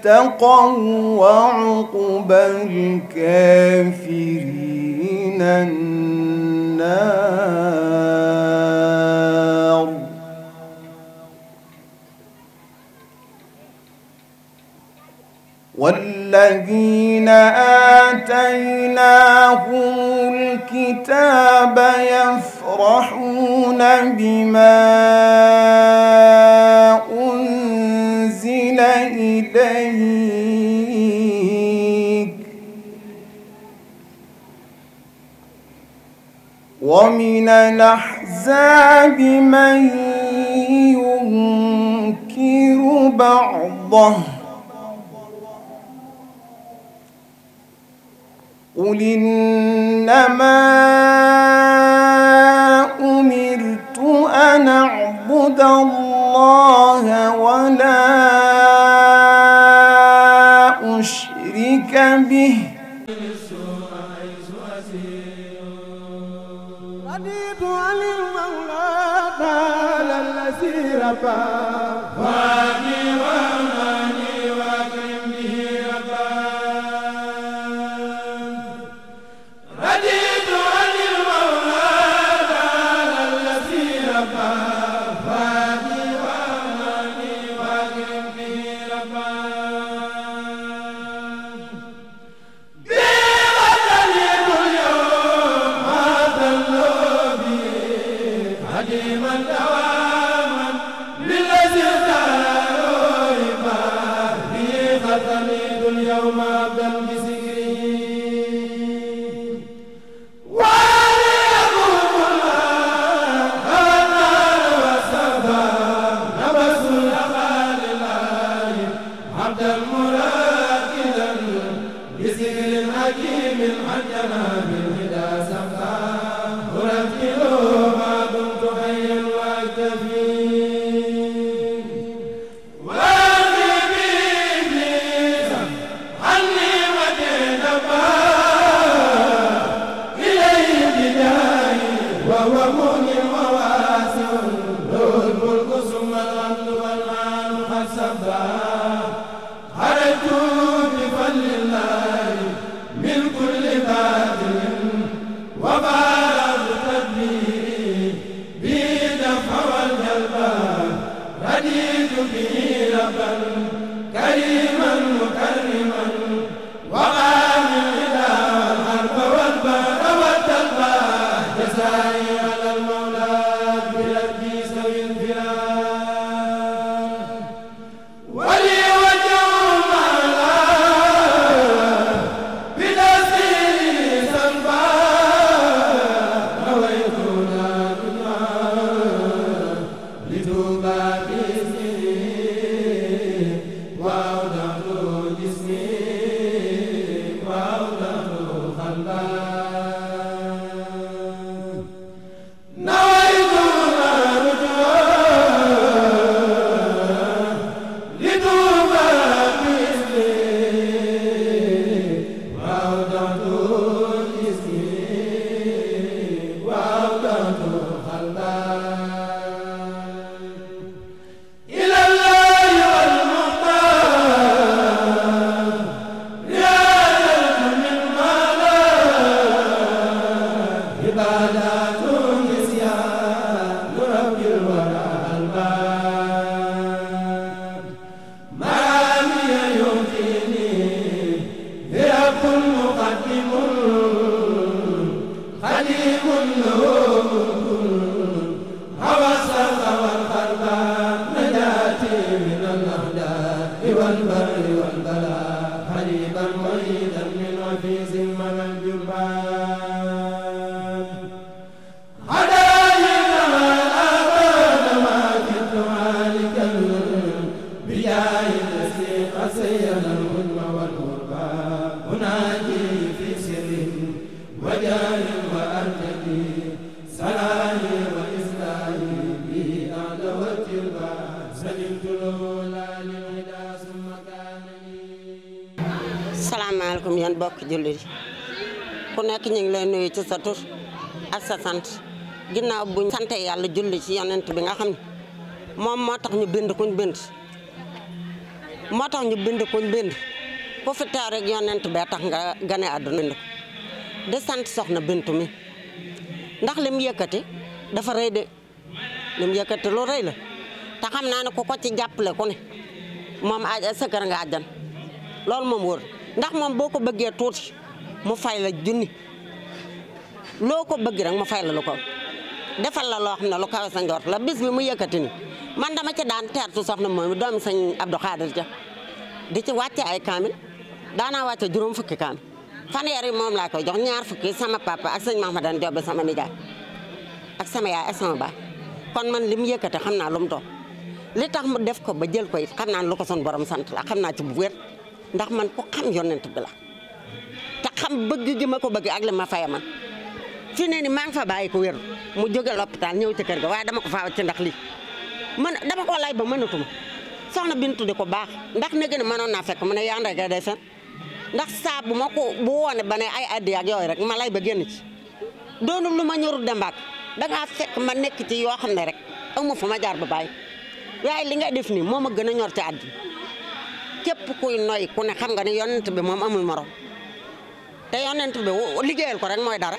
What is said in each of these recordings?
اتقوا وعقبى الكافرين النار والذين آتيناهم الكتاب يفرحون بما أنزل إليك ومن الأحزاب من ينكر بعضه قل إنما أمرت أن أعبد الله ولا أشرك به رديت عن المولى الذي ربى واني sa sant ginnaaw buñ sante yàlla julli ci yonent bi nga xam ne moom moo tax ñu bind kuñ bind moo tax ñu bind kuñ bind ku fi taar rek yonent bee tax nga gane àdduna bind ko di sant soxna bintu mi ndax lim yëkkati dafa rëy de lim yëkkati lu rëy la te xam naa ne ku ko ci jàppale ku ne moom a sa kër nga àjjan loolu moom wóor ndax moom boo ko bëggee tuuti mu fay la junni loo ko bëgg rek mu fay la lu ko defal la loo xam ne lu kawe la bis bi mu yëkkati ni man dama ci daan teertu soxna moom doomi sëñ Abdou Khadir ja di ci wàcce ay kaamil daanaa wàcce juróom fukki kaamil fanweer yi moom laa koy jox ñaar fukki sama papa ak sëñ Mahmadan Joobe sama nijaay ak sama yaay ak sama baay kon man li mu yëkkati xam naa lu mu doon li tax mu def ko ba jël ko it xam naa lu ko son borom sant la xam naa ci bu wér ndax man ku xam yonent bi la te xam bëgg ko bëgg ak li man fi ne ni ngi fa bàyyi ko wér mu jóge lopitaan ñëw ci kër ga waaye dama ko faa ci ndax lii man dama ko lay ba mënatuma soxna Bintu di ko baax ndax ne gën a mënoon naa fekk mu ne yaa ndey kay day fen ndax saa bu ma ko bu woone ba ne ay addi ak yooyu rek ma lay ba génn ci doonul lu ma ñorut dembaat dangaa fekk ma nekk ci yoo xam ne rek amu fa ma jaar ba bàyyi waaye li nga def ni moom a gën a ñor ci addi képp kuy noy ku ne xam nga ne yonent bi moom amul morom te yonent bi liggéeyal ko rek mooy dara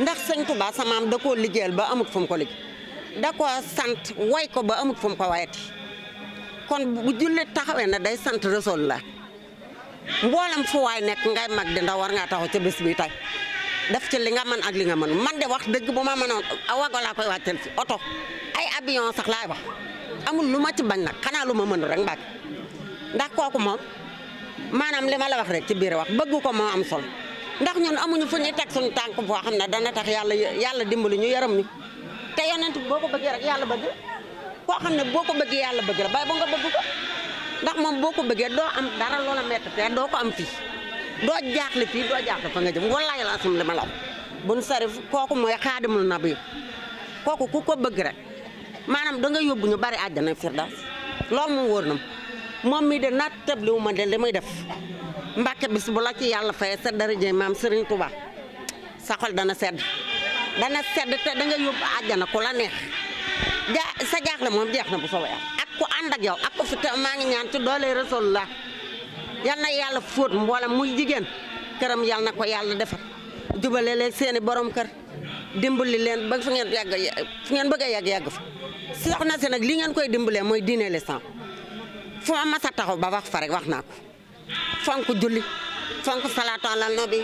ndax sëñ Touba sa maam da koo liggéeyal ba amut fu ko liggéey da koo sant way ko ba amut fu ko ko wayati kon bu jullit taxawee na day sant Rasuul la mboolem fu waay nekk ngay mag di ndaw war ngaa taxaw ca bés buy tay def ci li nga mën ak li nga mën man de wax dëgg bu ma a wago laa koy wàcceel ci oto ay avion sax laay wax amul lu ma ci bañ nag xanaa lu ma mën rek mbàgg ndax kooku moom maanaam li ma la wax rek ci biir wax bëgg ko moo am solo ndax ñun amuñu fu ñuy teg suñu tànk boo xam ne dana tax yàlla yàlla dimbali ñu yaram mi te yonent boo ko bëggee rek yàlla bëgg koo xam ne boo ko bëggee yàlla bëgg la bay ba nga bëgg ko ndax moom boo ko bëggee doo am dara loola métti te doo ko am fi doo jaaxle fii doo jaaxle fa nga jëm wallaay la asum li ma la bun sarif kooku mooy xaadimul nabi kooku ku ko bëgg rek maanaam da nga yóbbu ñu bari àjjana firdaws loolu moom wóor na moom mii de na tëb li mu ma de Mbàkke bis bu la ci yàlla faye sa jee maam Serigne Touba sa xol dana sedd dana sedd te danga nga yóbbu àjjana ku la neex ja sa jaaxle moom jeex na bu soobee ak ku ànd ak yow ak ku te maa ngi ñaan ci doole Rasulullah la yalla yàlla fóot mboolem muy jigéen këram yal na ko yàlla defar jubale leen seeni borom kër dimbali leen ba fu ngeen yàgg fu ngeen bëgg a yàgg yàgg fa soxna si nag li ngeen koy dimbalee mooy diine l'islam fu ma mas a taxaw ba wax fa wax naa ko fonk julli fonk salaatu ala nabi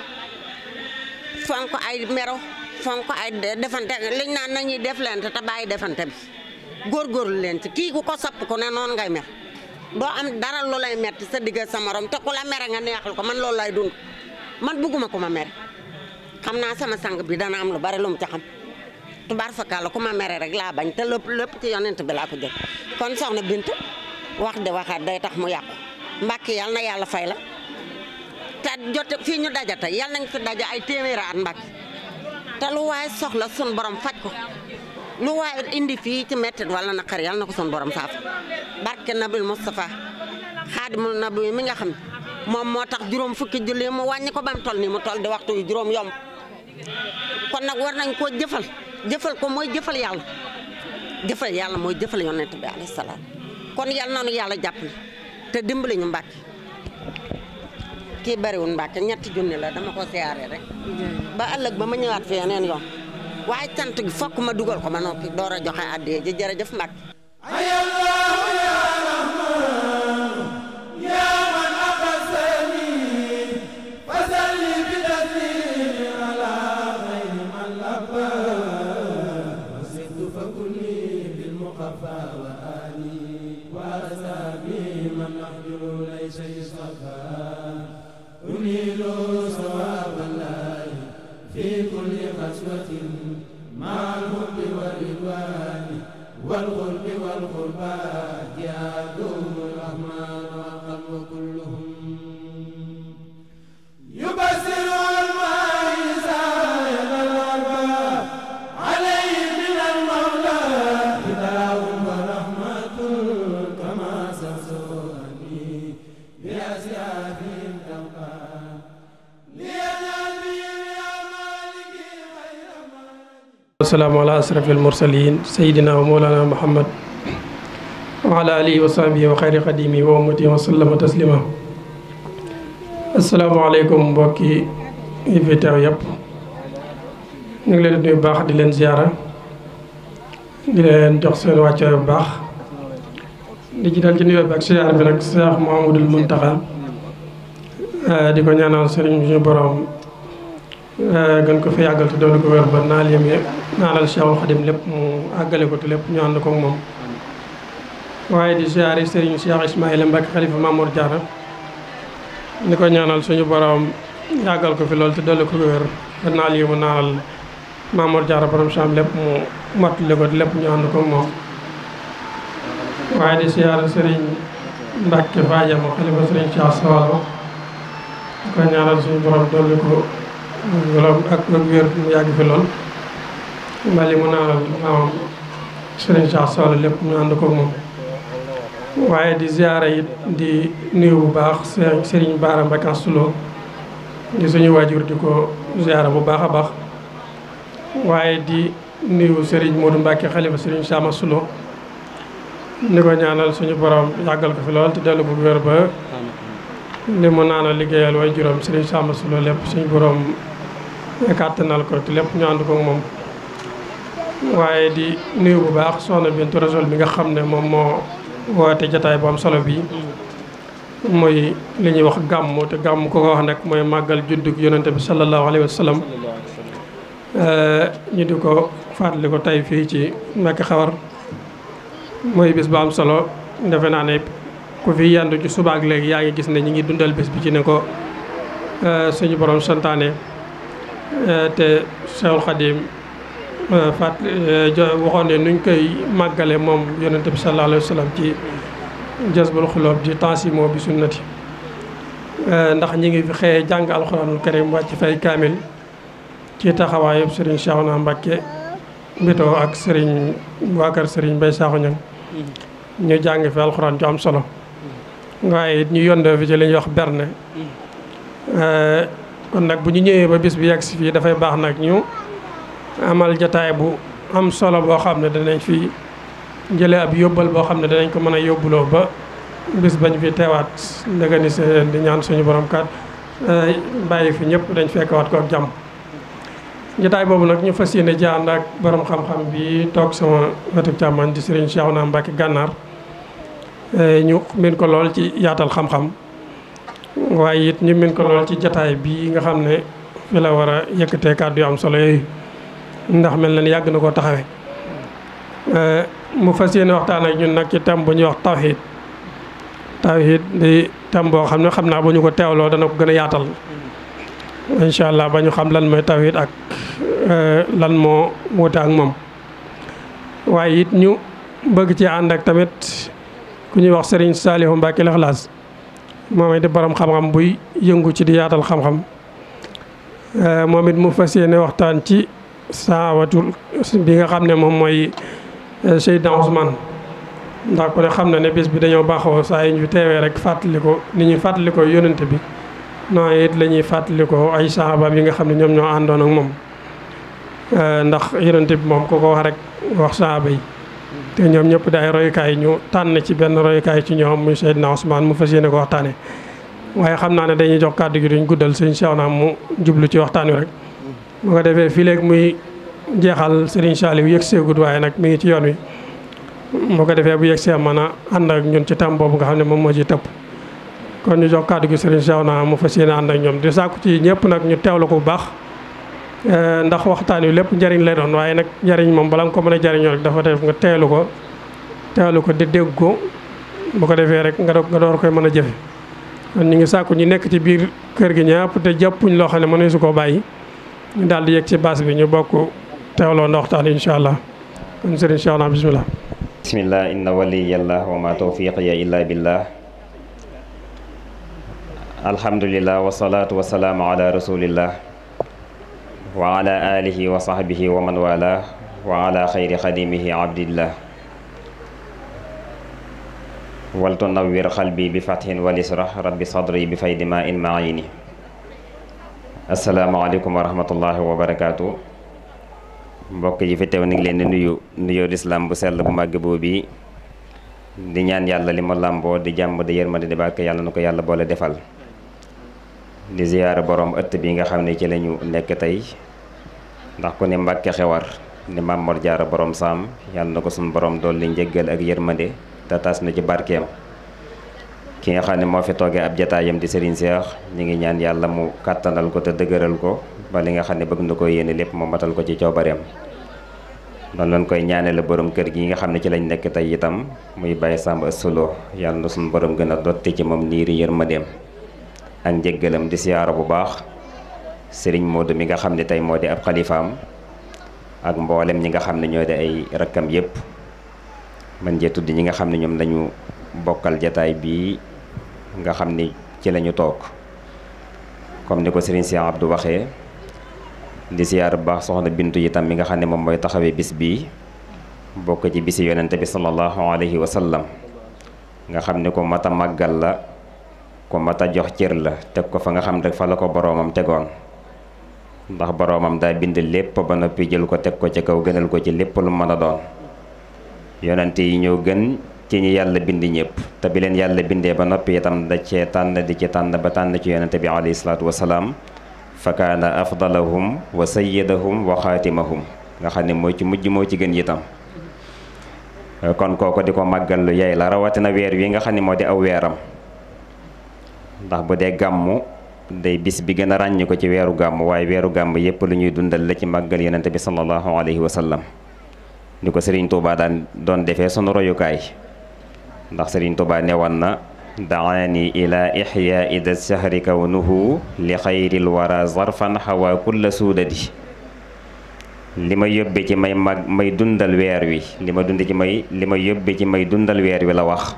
fonk ay mero fonk ay defante liñ naan nañuy def lente te bàyyi defante bi góorgóorlu leen ci kii ku ko sapp ku ne noonu ngay mer doo am dara lu lay metti sa digga sa morom te ku la mere nga neexal ko man loolu lay dund man bugguma ko ma mere xam naa sama sang bi dana am lu bari lu mu ci xam tubaar fakkaal la ku ma mere rek laa bañ te lépp lépp ci yonent bi laa ko jël kon soxna Binta wax de waxaat day tax mu yàqu Mbàkke yal na yàlla fay la te jote fii ñu dajata yal nañ fi daja ay téeméeri at Mbàkke te lu waaye soxla sun borom faj ko lu waaye indi fii ci mettit wala naqar yal na ko sun borom saaf barke nabil Moustapha xaadimul nabi mi nga xam moom moo tax juróom fukki julli mu wàññi ko ba mu toll nii mu toll di waxtu yu juróom yomb kon nag war nañ koo jëfal jëfal ko mooy jëfal yàlla jëfal yàlla mooy jëfal yonent bi alayhi salaam kon yal na nu yàlla jàppale te dimbali ñu Mbàkke kii bariwul Mbàkke ñetti junni la dama ko siyaare rek ba ëllëg ba ma ñëwaat fi yeneen yoon waaye cant gi fokk ma dugal ko ma noppi door a joxe addiya ji jërëjëf Mbàkke wasalaamu ala asrafil mursalin sayidina wa moolana muhammad wa ala alihi wa sahbihi wa xayri xadimi wa ummati wa sallama taslima asalaamaaleykum mbokki yi fi teew yëpp ñu ngi leen di nuyu baax di leen ziara di leen jox seen wàcco bu baax di ci dal ci nuyoo bi ak ziar bi nag Cheikh Mouhamadoul Mountakha di ko ñaanal sëriñ ñu borom Euh, gën ko fa yàggal te doon ko wér ba naal yem yëpp naalal Cheikhul Khadim lépp mu àggale ko te lépp ñu ànd ko ak moom. waaye di ziare Serigne Cheikh Ismaïla Mbacke xalifa Mamour Diarra ni ko ñaanal suñu borom ko fi loolu te dolli ko wér ba naal yi mu naanal Mamour Diarra borom saam lépp ñu ànd ko ak moom. waaye ñaanal suñu borom dolli ko. loolu ak yàgg fi lool bali mu naanal maam lépp ñu ànd ko moom waaye di ziyaara it di nuyu bu baax Serigne Bara Mbacké di suñu waajur di ko bu baax a baax waaye di nuyu Serigne Modou Mbacké xalifa Serigne Cheikh sulo ni ko ñaanal suñu borom yàggal ko fi lool te dellu bu wér ba li mu naanal liggéeyal way juróom Serigne Cheikh Astou lépp suñu boroom kàttanal ko te lépp ñu ànd ko moom waaye di nuyu bu baax soxna Bintu Rasul bi nga xam ne moom moo woote jataay bu am solo bii mooy li ñuy wax gàmmu te gàmmu ko ko wax nag mooy màggal juddug yonante bi sallallahu alayhi wa sallam ñu di ko fàttali ko tey fii ci Mbàkke Xawar mooy bis bu am solo defe naa ne ku fi yandu ci suba ak léegi yaa ngi gis ne ñi ngi dundal bis bi ci ne ko eh, suñu borom santaane Euh, te Cheikhul Khadim euh, fat euh, waxoon ne nuñ koy màggale moom yonente bi sallallahu alayhi wa sallam ci jasbul xuloob di taasimo bi sunnati ndax ñi ngi fi xëye jàng alxuraanul karim wàcc fay kaamil ci taxawaayub sëriñ Cheikhouna Mbacké mbitoo ak sëriñ waakar sëriñ Mbaye Sakho Niang ñu jàng fi alxuraan ju am solo waaye it ñu yondoo fi ci li ñuy wax kon nag bu ñu ñëwee ba bis bi yegg si fii dafay baax nag ñu amal jataay bu am solo boo xam ne danañ fi jëlee ab yóbbal boo xam ne danañ ko mën a yóbbuloo ba bis ba ñu fi teewaat ndagani seen di ñaan suñu borom kat bàyyi fi ñëpp dañ fekkawaat ko ak jàmm. jataay boobu nag ñu fas yéene jànd ak borom xam-xam bi toog sama wetu càmmoñ di Serigne Cheikhouna Mbacké Gànnaar ñu min ko lool ci yaatal xam-xam. waaye it ñu min ko lool ci jataay bii nga xam ne fi la war a yëkkatee kàddu yu am solo yooyu ndax mel na ni yàgg na ko taxawe mu fas yéene waxtaan ak ñun nag ci thème bu ñuy wax tawhid tawhid di thème boo xam ne xam naa bu ñu ko teewloo dana ko gën a yaatal incha allah ba ñu xam lan mooy tawhid ak euh, lan moo wuute ak moom waaye it ñu bëgg ci ànd ak tamit ku ñuy wax Serigne Saliou Mbacké Likhlass moom it di borom xam-xam buy yëngu ci di yaatal xam-xam eh, moom it mu fas yéene waxtaan ci saawatul bi nga xam ne moom mooy eh, Seydina Ousmane ndax ku ne xam na ne bis bi dañoo baaxoo saa yi ñu teewee rek ko ni ñuy fàttalikoo yónnante bi noonu it la ñuy fàttalikoo ay sahabaam yi nga xam ne ñoom ñoo àndoon ak moom eh, ndax yónnante bi moom ku ko wax rek wax sahaba yi te ñoom ñëpp di ay royukaay ñu tànn ci benn royukaay ci ñoom mu muy Seydina Ousmane mu fa yéene ko waxtaanee waaye xam naa ne dañuy jox kàddu gi duñ guddal sëñ Cheikh mu jublu ci waxtaan wi rek. bu ko defee fii léegi muy jeexal Serigne Saliou yëg seegut waaye nag mi ngi ci yoon wi bu ko defee bu yëg see mën a ànd ak ñun ci tam boobu nga xam ne moom moo ciy tëpp. kon ñu jox kàddu gi Serigne Cheikh naa mu fas yéene ànd ak ñoom di sàkku ci ñëpp nag ñu teewlu ko bu baax. Eh, ndax waxtaan wi lépp njariñ lay doon waaye nag njariñ moom bala nga ko mën a jariñoo rek dafa def nga teelu ko teelu ko di dégg ko bu ko defee rek nga doog door koy mën a jëfe kon ñu ngi sàkku ñu nekk ci biir kër gi ñëpp te jàppuñ loo xam ne mënuñu su ko bàyyi ñu daal di yegg ci baas bi ñu bokk teewloo na waxtaan incha allah kon sëriñ incha allah bisimilah bismillah inna waliyallah wa ma tawfiqiya illa billah alhamdulillah wasalaatu wasalaamu ala rasulillah wa ala alihi wa sahbihi wa man wala wa ala xayri xadimihi abdillah waltu nawwir xalbi bi fathin wal isra rabbi sadri bi faydi ma in maayini asalaamaaleykum wa rahmatullahi wa barakaatu mbokk yi fi teew ni ngi leen di nuyu nuyoo lislaam bu sell bu màgg boobu di ñaan yàlla li ma làmboo di jàmm di yërmande di bàkk yàlla na ko yàlla boole defal di ziyaara borom ëtt bi nga xam ne ci lañu nekk tey ndax ku ne mbàkke xewar ne maam Mor Jaara borom saam yàlla na ko suñu borom doon dolli njëggal ak yërmande te tas na ci barkeem ki nga xam ne moo fi toogee ab jataayam di Serigne Cheikh ñu ngi ñaan yàlla mu kàttanal ko te dëgëral ko ba li nga xam ne bëgg na ko yéene lépp mu matal ko ci coobareem noonu lañ koy ñaanale borom kër gi nga xam ne ci lañ nekk tey itam muy bàyyi Samba Ëssuloo yàlla na suñu borom gën a dotti ci moom niiri yërmandeem ak njëggalam di siyaara bu baax sëriñ Modou mi nga xam ne tey moo di ab xalifaam ak mboolem ñi nga xam ne ñoo di ay rakkam yépp man jee tudd ñi nga xam ne ñoom lañu bokkal jataay bii nga xam ni ci lañu toog comme ni ko sëriñ Cheikh Abdou waxee di siyaar bu baax soxna bintu itam mi nga xam ne moom mooy taxawee bis bii bokk ci bisi yonente bi sallallahu alayhi wa nga xam ne ko mata màggal la ku mat a jox cër la teg ko fa nga xam rek fa la ko boroomam tegoon ndax boroomam daa bind lépp ba noppi jël ko teg ko ci kaw gënal ko ci lépp lu mën a doon yonent yi ñoo gën ci ñi yàlla bind ñëpp te bi leen yàlla bindee ba noppi itam da cee tànn di ci tànn ba tànn ci yonente bi alayhi salaatu wasalaam fa kaana afdalahum wa sayyidahum wa xaatimahum nga xam ne mooy ci mujj moo ci gën itam kon kooko di ko màggal lu yay la rawatina weer wi nga xam ne moo di aw ndax bu dee gàmmu dey bis bi gën a ràññi ko ci weeru gàmmu waaye weeru gàmmu yépp lu ñuy dundal la ci màggal yonente bi sallallahu alayhi wa sallam ni ko Serigne Touba daan doon defee sunu royukaay ndax Serigne Touba newoon na daani ila ixya ida sahri kawnuhu li xayril wara zarfan xawa kulla suudadi li ma yóbbe ci may mag may dundal weer wi li ma dund ci may li ma yóbbe ci may dundal weer wi la wax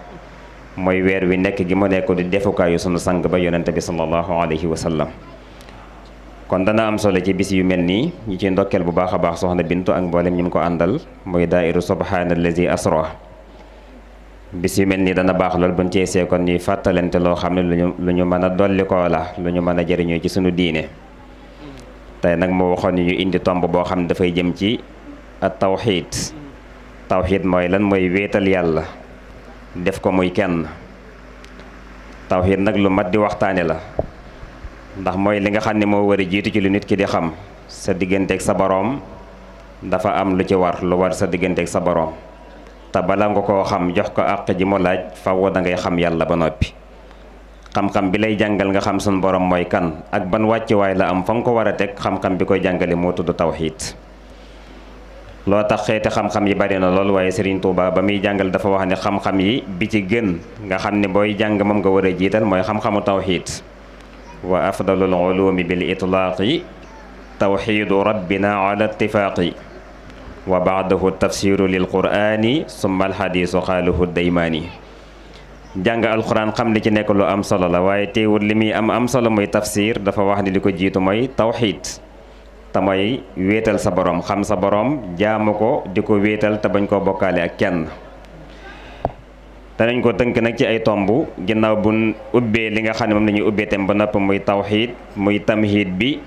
mooy weer wi nekk gi mu nekk di defukaayu sunu sang ba yonente bi sallallahu alayhi wa sallam kon dana am solo ci bis yu mel nii ñu ci ndokkeel bu baax a baax soxna Bintu ak mboolem ñu ko àndal mooy daairu subhaanallazi asra bis yu mel nii dana baax lool buñ ci see kon ñuy fàttalante loo xam ne luñu lu ñu mën a dollikoo la lu ñu mën a jariñoo ci sunu diine tey nag moo waxoon ni ñu indi tomb boo xam ne dafay jëm ci at tawxiid tawxiid mooy lan mooy wéetal yàlla def ko muy kenn tawxiid nag lu mat di waxtaane la ndax mooy li nga xam ne moo war a jiitu ci lu nit ki di xam sa digganteeg sa boroom dafa am lu ci war lu war sa digganteeg sa boroom te bala nga koo xam jox ko àq ji mu laaj faww da ngay xam yàlla ba noppi xam-xam bi lay jàngal nga xam sunu borom mooy kan ak ban wàccuwaay la am fa nga ko war a teg xam-xam bi koy jàngale moo tudd tawxiid loo tax xeeti xam-xam yi bari na lool waaye Serigne Touba ba muy jàngal dafa wax ne xam-xam yi bi ci gën nga xam ne booy jàng moom nga war a jiital mooy xam-xamu tawxiid wa afdalul ulumi bil itlaaqi tawxiidu rabbina ala ittifaaqi wa baadahu tafsiru lil qur'ani summa alxadiisu xaaluhu daymaani jàng alquran xam li ci nekk lu am solo la waaye teewul li muy am am solo mooy tafsir dafa wax ne li ko jiitu mooy tawxiid te mooy wéetal sa boroom xam sa boroom jaamu ko di ko wéetal te bañ koo bokkaale ak kenn danañ ko tënk nag ci ay tomb ginnaaw bu ubbee li nga xam ne moom lañuy ubbee tam ba nopp muy tawxiid muy tamxiid bi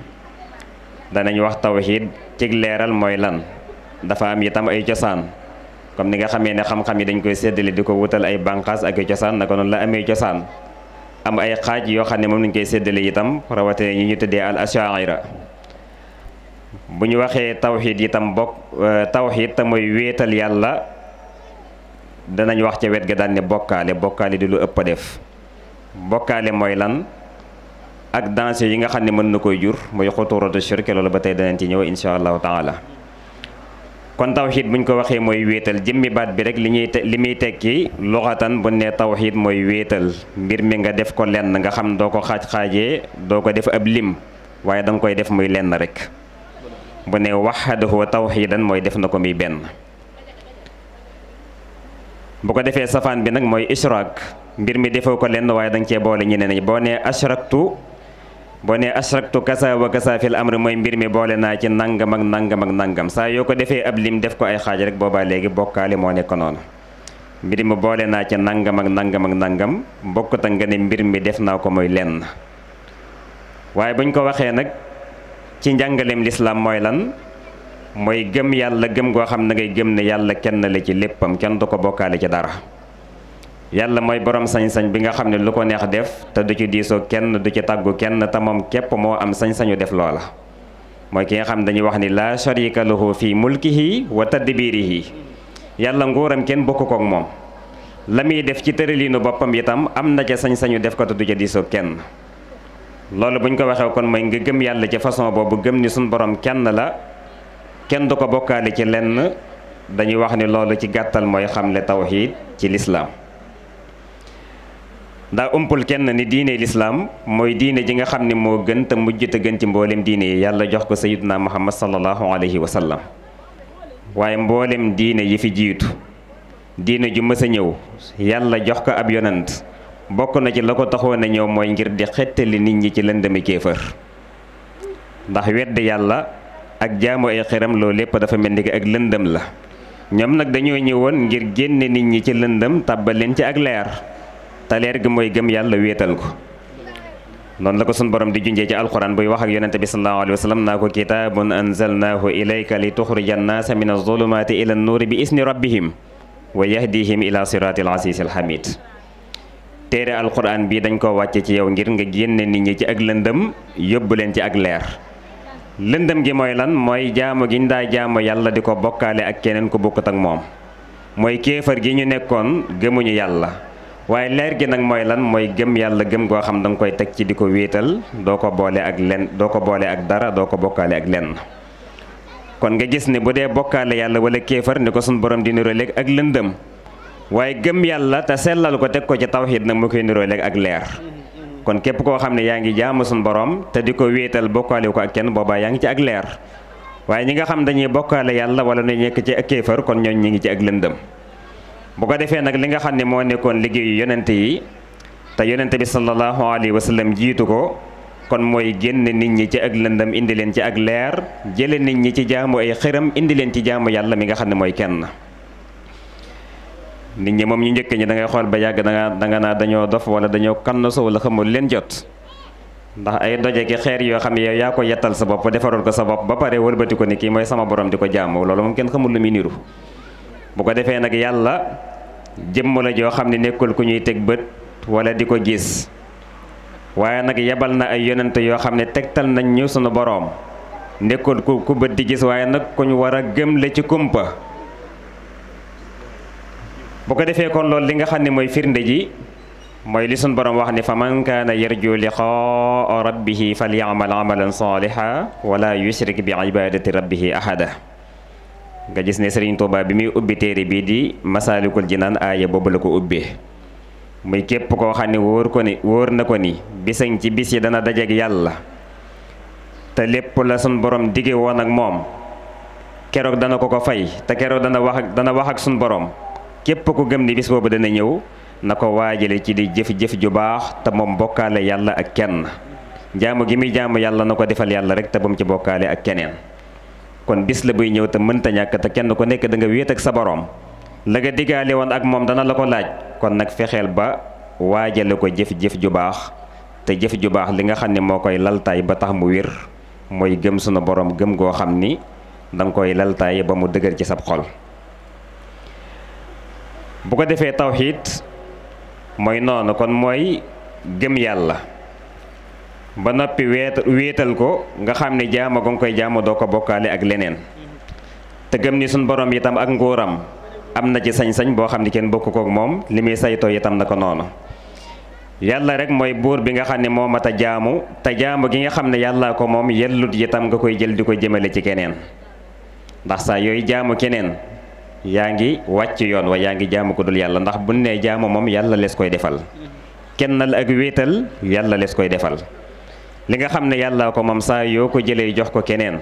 danañ wax tawxiid cig leeral mooy lan dafa am itam ay cosaan comme ni nga xamee ne xam-xam yi dañ koy seddale di ko wutal ay banqaas ak ay na naka noonu la amee cosaan am ay xaaj yoo xam ne moom lañ koy seddale itam rawatee ñi ñu tuddee al ashaira bu ñu waxee tawxiid itam bokk euh, tawxiid te mooy wéetal yàlla danañ wax ca wet ga daan ne bokkaale bokkaale di lu ëpp a def bokkaale mooy lan ak danse yi nga xam ne mën na koy jur mooy xuturatu shirk loolu ba tey danañ ci ñëw insha allahu taala kon tawxiid buñ ko waxee mooy wéetal jëmmi baat bi rek li ñuy li muy tekki luxatan bu ne tawxiid mooy wéetal mbir mi nga def ko lenn nga xam doo ko xaaj xaajee doo ko def ab lim waaye danga koy def muy lenn rek bu ne waxadahu tawxidan mooy def na ko muy benn bu ko defee safaan bi nag mooy ishraak mbir mi defoo ko lenn waaye danga cee boole ñeneen ñi boo nee ashraktu boo nee ashraktu kasa wa kasa fil amri mooy mbir mi boole naa ci nangam ak nangam ak nangam saa yoo ko defee ab lim def ko ay xaaj rek boobaa léegi bokkaale moo nekk noonu mbir mi boole naa ci nangam ak nangam ak nangam bokkut ak nga ne mbir mi def naa ko mooy lenn waaye buñ ko waxee nag. ci njàngaleem lislaam mooy lan mooy gëm yàlla gëm goo xam ne ngay gëm ne yàlla kenn la ci léppam kenn du ko bokkaale ci dara yàlla mooy borom sañ-sañ bi nga xam ne lu ko neex def te du ci diisoo kenn du ci tàggu kenn te moom képp moo am sañ-sañu def loola mooy ki nga xam dañuy wax ni laa sharika fii fi mulkihi wa tadbirihi yàlla ngooram kenn bokku kook moom la muy def ci tëraliinu boppam itam am na ca sañ-sañu def ko te du ca diisoo kenn loolu bu ñu ko waxee kon mooy nga gëm yàlla ca façon boobu gëm ni suñu borom kenn la kenn du ko bokkaale ci lenn dañuy wax ni loolu ci gàttal mooy xamle tawxiid ci lislaam ndaa umpul kenn ni diine lislaam mooy diine ji nga xam ne moo gën te mujj te gën ci mboolem diine yi yàlla jox ko sayiduna muhammad sallallahu alayhi wa sallam waaye mboolem diine yi fi jiitu diine ju mës a ñëw yàlla jox ko ab yonant bokk na ci la ko taxoon a ñëw mooy ngir di xettali nit ñi ci lëndëmi kéefër ndax wedd yàlla ak jaamu ay xeram loo lépp dafa mel ni ak lëndëm la ñoom nag dañoo ñëwoon ngir génne nit ñi ci lëndëm tàbbal leen ci ak leer te gi mooy gëm yàlla wéetal ko noon la ko sun borom di junjee ci alxuraan buy wax ak yonente bi sallallahu alayhi wa sallam naa ko kitaabun anzalnaahu ilayka li tuxrija annaasa min azulumaati bi isni rabbihim wa yahdihim ila siraati al asiisi al téere alxuraan bi dañ koo wàcce ci yow ngir nga génne nit ñi ci ak lëndëm yóbbu leen ci ak leer lëndëm gi mooy lan mooy jaamu gi ñu daa jaamu yàlla di ko bokkaale ak keneen ku bokkut ak moom mooy kéefar gi ñu nekkoon gëmuñu yàlla waaye leer gi nag mooy lan mooy gëm yàlla gëm goo xam danga koy teg ci di ko wéetal doo ko boole ak lenn doo ko boole ak dara doo ko bokkaale ak lenn kon nga gis ne bu dee bokkaale yàlla wala kéefar ni ko sunu borom di niroleeg ak lëndëm waaye gëm yàlla te sellal ko teg ko ci tawxiid nag mu koy niroo léegi ak leer kon képp koo xam ne yaa ngi jaamu suñu borom te di ko wéetal bokkaale ko ak kenn boobaa yaa ngi ci ak leer waaye ñi nga xam dañuy bokkaale yàlla wala na nekk ci ak kéefar kon ñooñ ñi ngi ci ak lëndam bu ko defee nag li nga xam ne moo nekkoon liggéeyu yonent yi te yonent bi sallallahu alayhi wa sallam jiitu ko kon mooy génn nit ñi ci ak lëndëm indi leen ci ak leer jële nit ñi ci jaamu ay xëram indi leen ci jaamu yàlla mi nga xam ne mooy kenn nit ñi moom ñu njëkk ñi dangay xool ba yàgg da nga da nga naa dañoo dof wala dañoo kannasoo wala xamul leen jot ndax ay doje ki xeer yoo xam ne yow yaa ko yettal sa bopp defaroon ko sa bopp ba pare wëlbati ko ni kii mooy sama borom di ko jaamu loolu moom kenn xamul lu muy niru bu ko defee nag yàlla jëmm la joo xam ne nekkul ku ñuy teg bët wala di ko gis waaye nag yebal na ay yonent yoo xam ne tegtal nañ ñu sunu boroom nekkul ku ku bët di gis waaye nag ku ñu war a gëm la ci kumpa bu ko defee kon loolu li nga xam ne mooy firnde ji mooy li sun borom wax ne fa man kaana yarju liqaa rabbihi falyamal amalan saaliha wala yushrik bi ibadati rabbihi ahada nga gis ne Serigne Touba bi muy ubbi téere bii di masaalikul naan aaya boobu la ko ubbee muy képp ko xam ne wóor ko ni wóor na ko ni bisañ ci bis yi dana dajeek yàlla te lépp la suñ borom dige woon ak moom keroog dana ko ko fay te keroog dana wax ak dana wax ak sun borom képp ko gëm ni bis boobu dana ñëw na ko waajale ci di jëf jëf ju baax te moom bokkaale yàlla ak kenn jaamu gi muy jaamu yàlla na ko defal yàlla rek te bu ci bokkaale ak keneen kon bis la buy ñëw te mënta ñàkk te kenn ku nekk da nga wéet ak sa borom la nga diggaale woon ak moom dana la ko laaj kon nag fexeel ba waajale ko jëf-jëf ju baax te jëf ju baax li nga xam ne moo koy laltaay ba tax mu wér mooy gëm sunu borom gëm goo xam ni danga koy laltaay ba mu dëgër ci sab xol bu ko defee tawxiid mooy noonu kon mooy gëm yàlla ba noppi weet wéetal ko nga xam ne jaama gu nga koy jaamu doo ko bokkaale ak leneen te gëm ni suñ borom itam ak nguuram am na ci sañ-sañ boo xam ne kenn bokk kook moom li muy saytoo itam na ko noonu yàlla rek mooy buur bi nga xam ne moo mat a jaamu te jaamu gi nga xam ne yàllaa ko moom yellut itam nga koy jël di ko jëmale ci keneen ndax saa yooyu jaamu keneen yaa ngi wàcc yoon wa yaa ngi jaamu ko dul yàlla ndax bu ne jaamu moom yàlla lees koy defal kennal ak wéetal yàlla lees koy defal li nga xam ne yàlla ko moom saa yoo ko jëlee jox ko keneen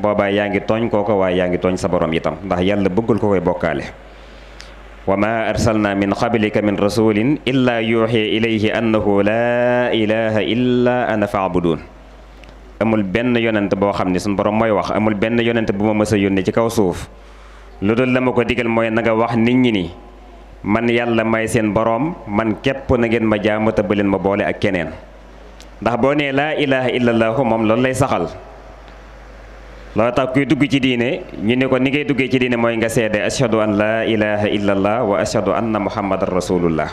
boobaa yaa ngi tooñ koo ko waaye yaa ngi tooñ sa boroom itam ndax yàlla bëggul ko koy bokkaale wa ma arsalna min qablika min rasulin illa yuuxi ilayhi annahu laa ilaha illa ana faabudun amul benn yonent boo xam ne suñu borom mooy wax amul benn yonent bu ma mës yónni ci kaw suuf lu dul la ma ko digal mooy na nga wax nit ñi ni man yàlla may seen boroom man képp na ngeen ma jaamu te bu ma boole ak keneen ndax boo nee laa ilaha illallahu moom loolu lay saxal loolu tax kuy dugg ci diine ñu ne ko ni ngay duggee ci diine mooy nga seede ashhadu an laa ilaha illallah wa ashhadu anna muhammadan rasulullah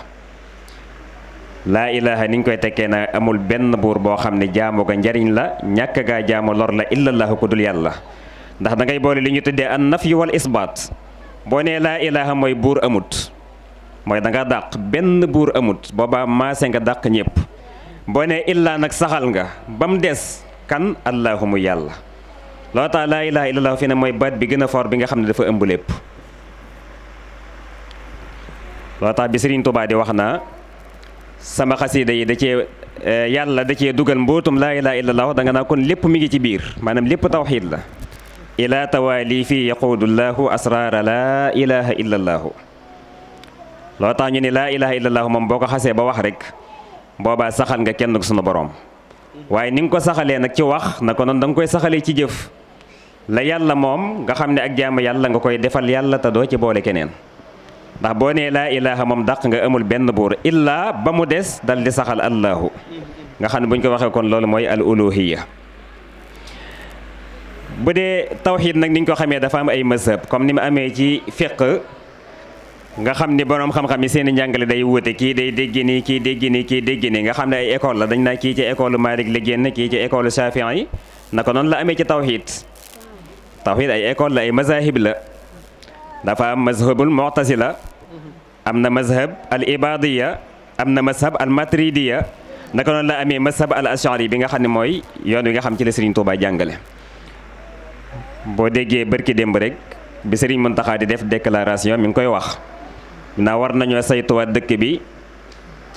laa ilaha ni ñu koy tekkee na amul benn buur boo xam ne jaamu ga njariñ la ñàkk gaa jaamu lor la illallahu ku dul yàlla ndax dangay boole li ñu tuddee an nafyu wal isbaat boo nee laa ilaaha mooy buur amut mooy danga dàq benn buur amut boobaa maase nga dàq ñépp boo ne illaa nag saxal nga ba mu des kan allahuma yàlla loo tax laa ilaaha illallah fi ne mooy baat bi gën foor bi nga xam ne dafa ëmb lépp loo tax bi Sëriñ Tuubaa di wax naa sama xasiida yi da cee eh, yàlla da cee dugal mbootum laa ilaaha illallah da nga naa kon lépp mu ngi ci biir maanaam lépp tawxiit la ilaa tawaali fii yaquudullaahu asraara laa ilaha illa allaahu loo tax ñu ni laa ilaha illa moom boo ko xasee ba wax rek boobaa saxal nga kenn sunu boroom waaye ni nga ko saxalee nag ci wax na ko noonu koy saxalee ci jëf la yàlla moom nga xam ne ak jaamu yàlla nga koy defal yàlla te doo ci boole keneen ndax boo nee laa ilaha moom dàq nga amul benn buur illaa ba mu des dal di saxal allaahu nga xam ne bu ñu ko waxee kon loolu mooy al uluhiya bu dee tawxiid nag niñ ko xamee dafa am ay mazhab comme ni ma amee ci fiqh nga xam ni boroom xam-xam yi seen jàngale day wuute kii day dégg nii kii dégg nii kii dégg nii nga xam ne ay école la dañ naa kii ci école Malik la génn kii ci école Shafi'i yi naka noonu la amee ci tawxiid tawxiid ay école la ay mazahib la dafa am mazhabul la am na mazhab al ibadiya am na mazhab al matridiya naka noonu la amee mazhab al ashari bi nga xam ne mooy yoon wi nga xam ci la Serigne Touba jàngale boo déggee barki démb rek bi Sëriñ Muntaxa di def déclaration mi ngi koy wax naa war nañoo saytuwaat dëkk bi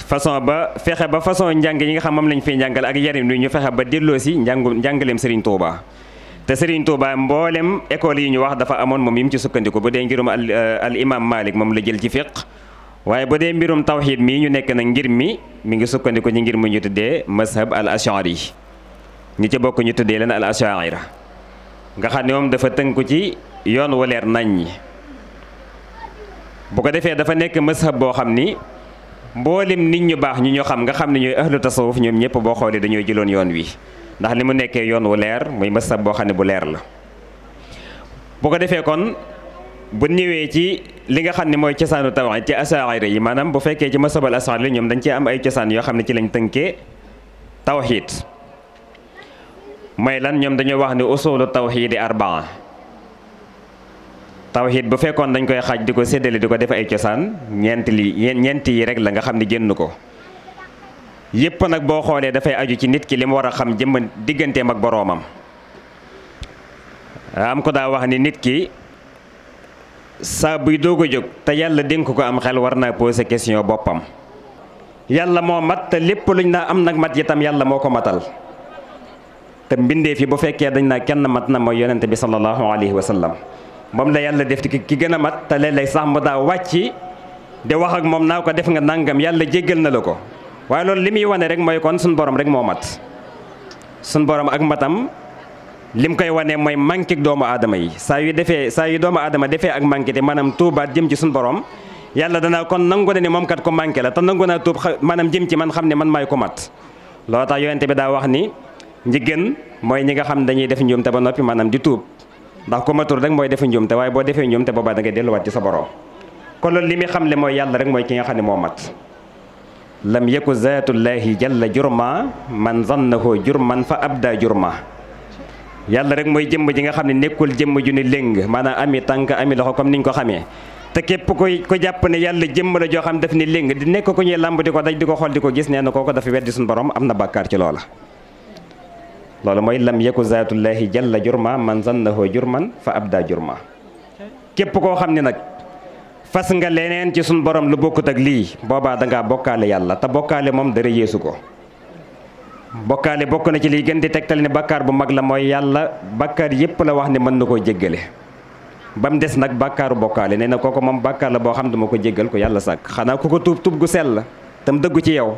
façon ba fexe ba façon njàng yi nga xam moom lañu fiy njàngal ak yarim wi ñu fexe ba delloo si njàngu njàngaleem Sëriñ Tuubaa te Sëriñ Tuubaa mboolem école yi ñu wax dafa amoon moom yi mu ci sukkandiku bu dee ngirum al euh, al imam moom la jël ci fiq waaye bu dee mbirum tawxiid mii ñu nekk na ngir mi mi ngi sukkandiku ci ngir mu ñu tuddee mashab al ashari ñu ci bokk ñu tuddee leen al ashaira nga xam ne moom dafa tënku ci yoon wu leer naññ bu ko defee dafa nekk mashab boo xam ni mboolem nit ñu baax ñu ñu xam nga xam ne ñooy ahlu tasawuf ñoom ñëpp boo xoolee dañoo jëloon yoon wi ndax li mu nekkee yoon wu leer muy mashab boo xam ne bu leer la bu ko defee kon bu ñëwee ci li nga xam ne mooy cosaanu tawhid ci asaari yi maanaam bu fekkee ci ma masabal asaari ñoom dañ cee am ay cosaan yoo xam ne ci lañu tënkee tawhid mooy lan ñoom dañoo wax ni usulu tawxiidi arbaa tawxiid bu fekkoon dañ koy xaaj di ko séddale di ko def ay cosaan ñeenti li ñeenti yi rek la nga xam ne génn ko yépp nag boo xoolee dafay aju ci nit ki li mu war a xam jëmm digganteem ak boroomam am ko daa wax ni nit ki saa buy doog a jóg te yàlla dénk ko am xel war naa posé question boppam yàlla moo mat te lépp luñ naa am nag mat yi tam yàlla moo ko matal te mbindeef yi bu fekkee dañ naa kenn mat na mooy yonente bi sallallahu alayhi wa sallam moom la yàlla def ki gën a mat te léeg-léeg sax mu daa wàcci di wax ak moom naa ko def nga nangam yàlla jéggal na la ko waaye loolu li muy wane rek mooy kon suñu borom rek moo mat suñu borom ak matam lim koy wane mooy manqué doomu aadama yi saa yu defee saa yu doomu aadama defee ak manqué te maanaam tuubaat jëm ci suñ borom yàlla danaa kon nangu na ne moom kat ko manqué la te nangu naa tuub maanaam jëm ci man xam ne man maay ko mat njigéen mooy ñi nga xam dañuy def njuumte ba noppi maanaam di tuub ndax ku matul rek mooy def njuumte waaye boo defee njuumte boobaa da ngay delluwaat ci sa borom kon li muy xam le mooy yàlla rek mooy ki nga xam ne moo mat lam yaku zaatullaahi jalla jurma man zannahu jurman fa abda jurma yàlla rek mooy jëm ji nga xam ne nekkul jëmm ju ni ne léng maanaam ami tànk ami loxo comme niñ ko xamee te képp ko jàpp ne yàlla jëm la joo xam daf ne léng di nekk ku ñuy làmb ko daj di ko xool di ko gis nee na kooko dafa weddi suñu borom am na bàkkaar ci loola loolu mooy lam yaku zaatullahi jalla jurma man zannahu jurman fa abda jurma képp koo xam ne nag fas nga leneen ci sun borom lu bokkut ak lii boobaa dangaa bokkaale yàlla te bokkaale moom dara yéesu ko bokkaale bokk na ci liy gën di tegtal ne bakkaar bu mag la mooy yàlla bakkaar yépp la wax ne mën na koo jéggale ba mu des nag bàkkaaru bokkaale nee na kooku moom bàkkaar la boo xam duma ko jéggal ko yàlla sàkk xanaa ku ko tuub tuub gu sell tam dëggu ci yow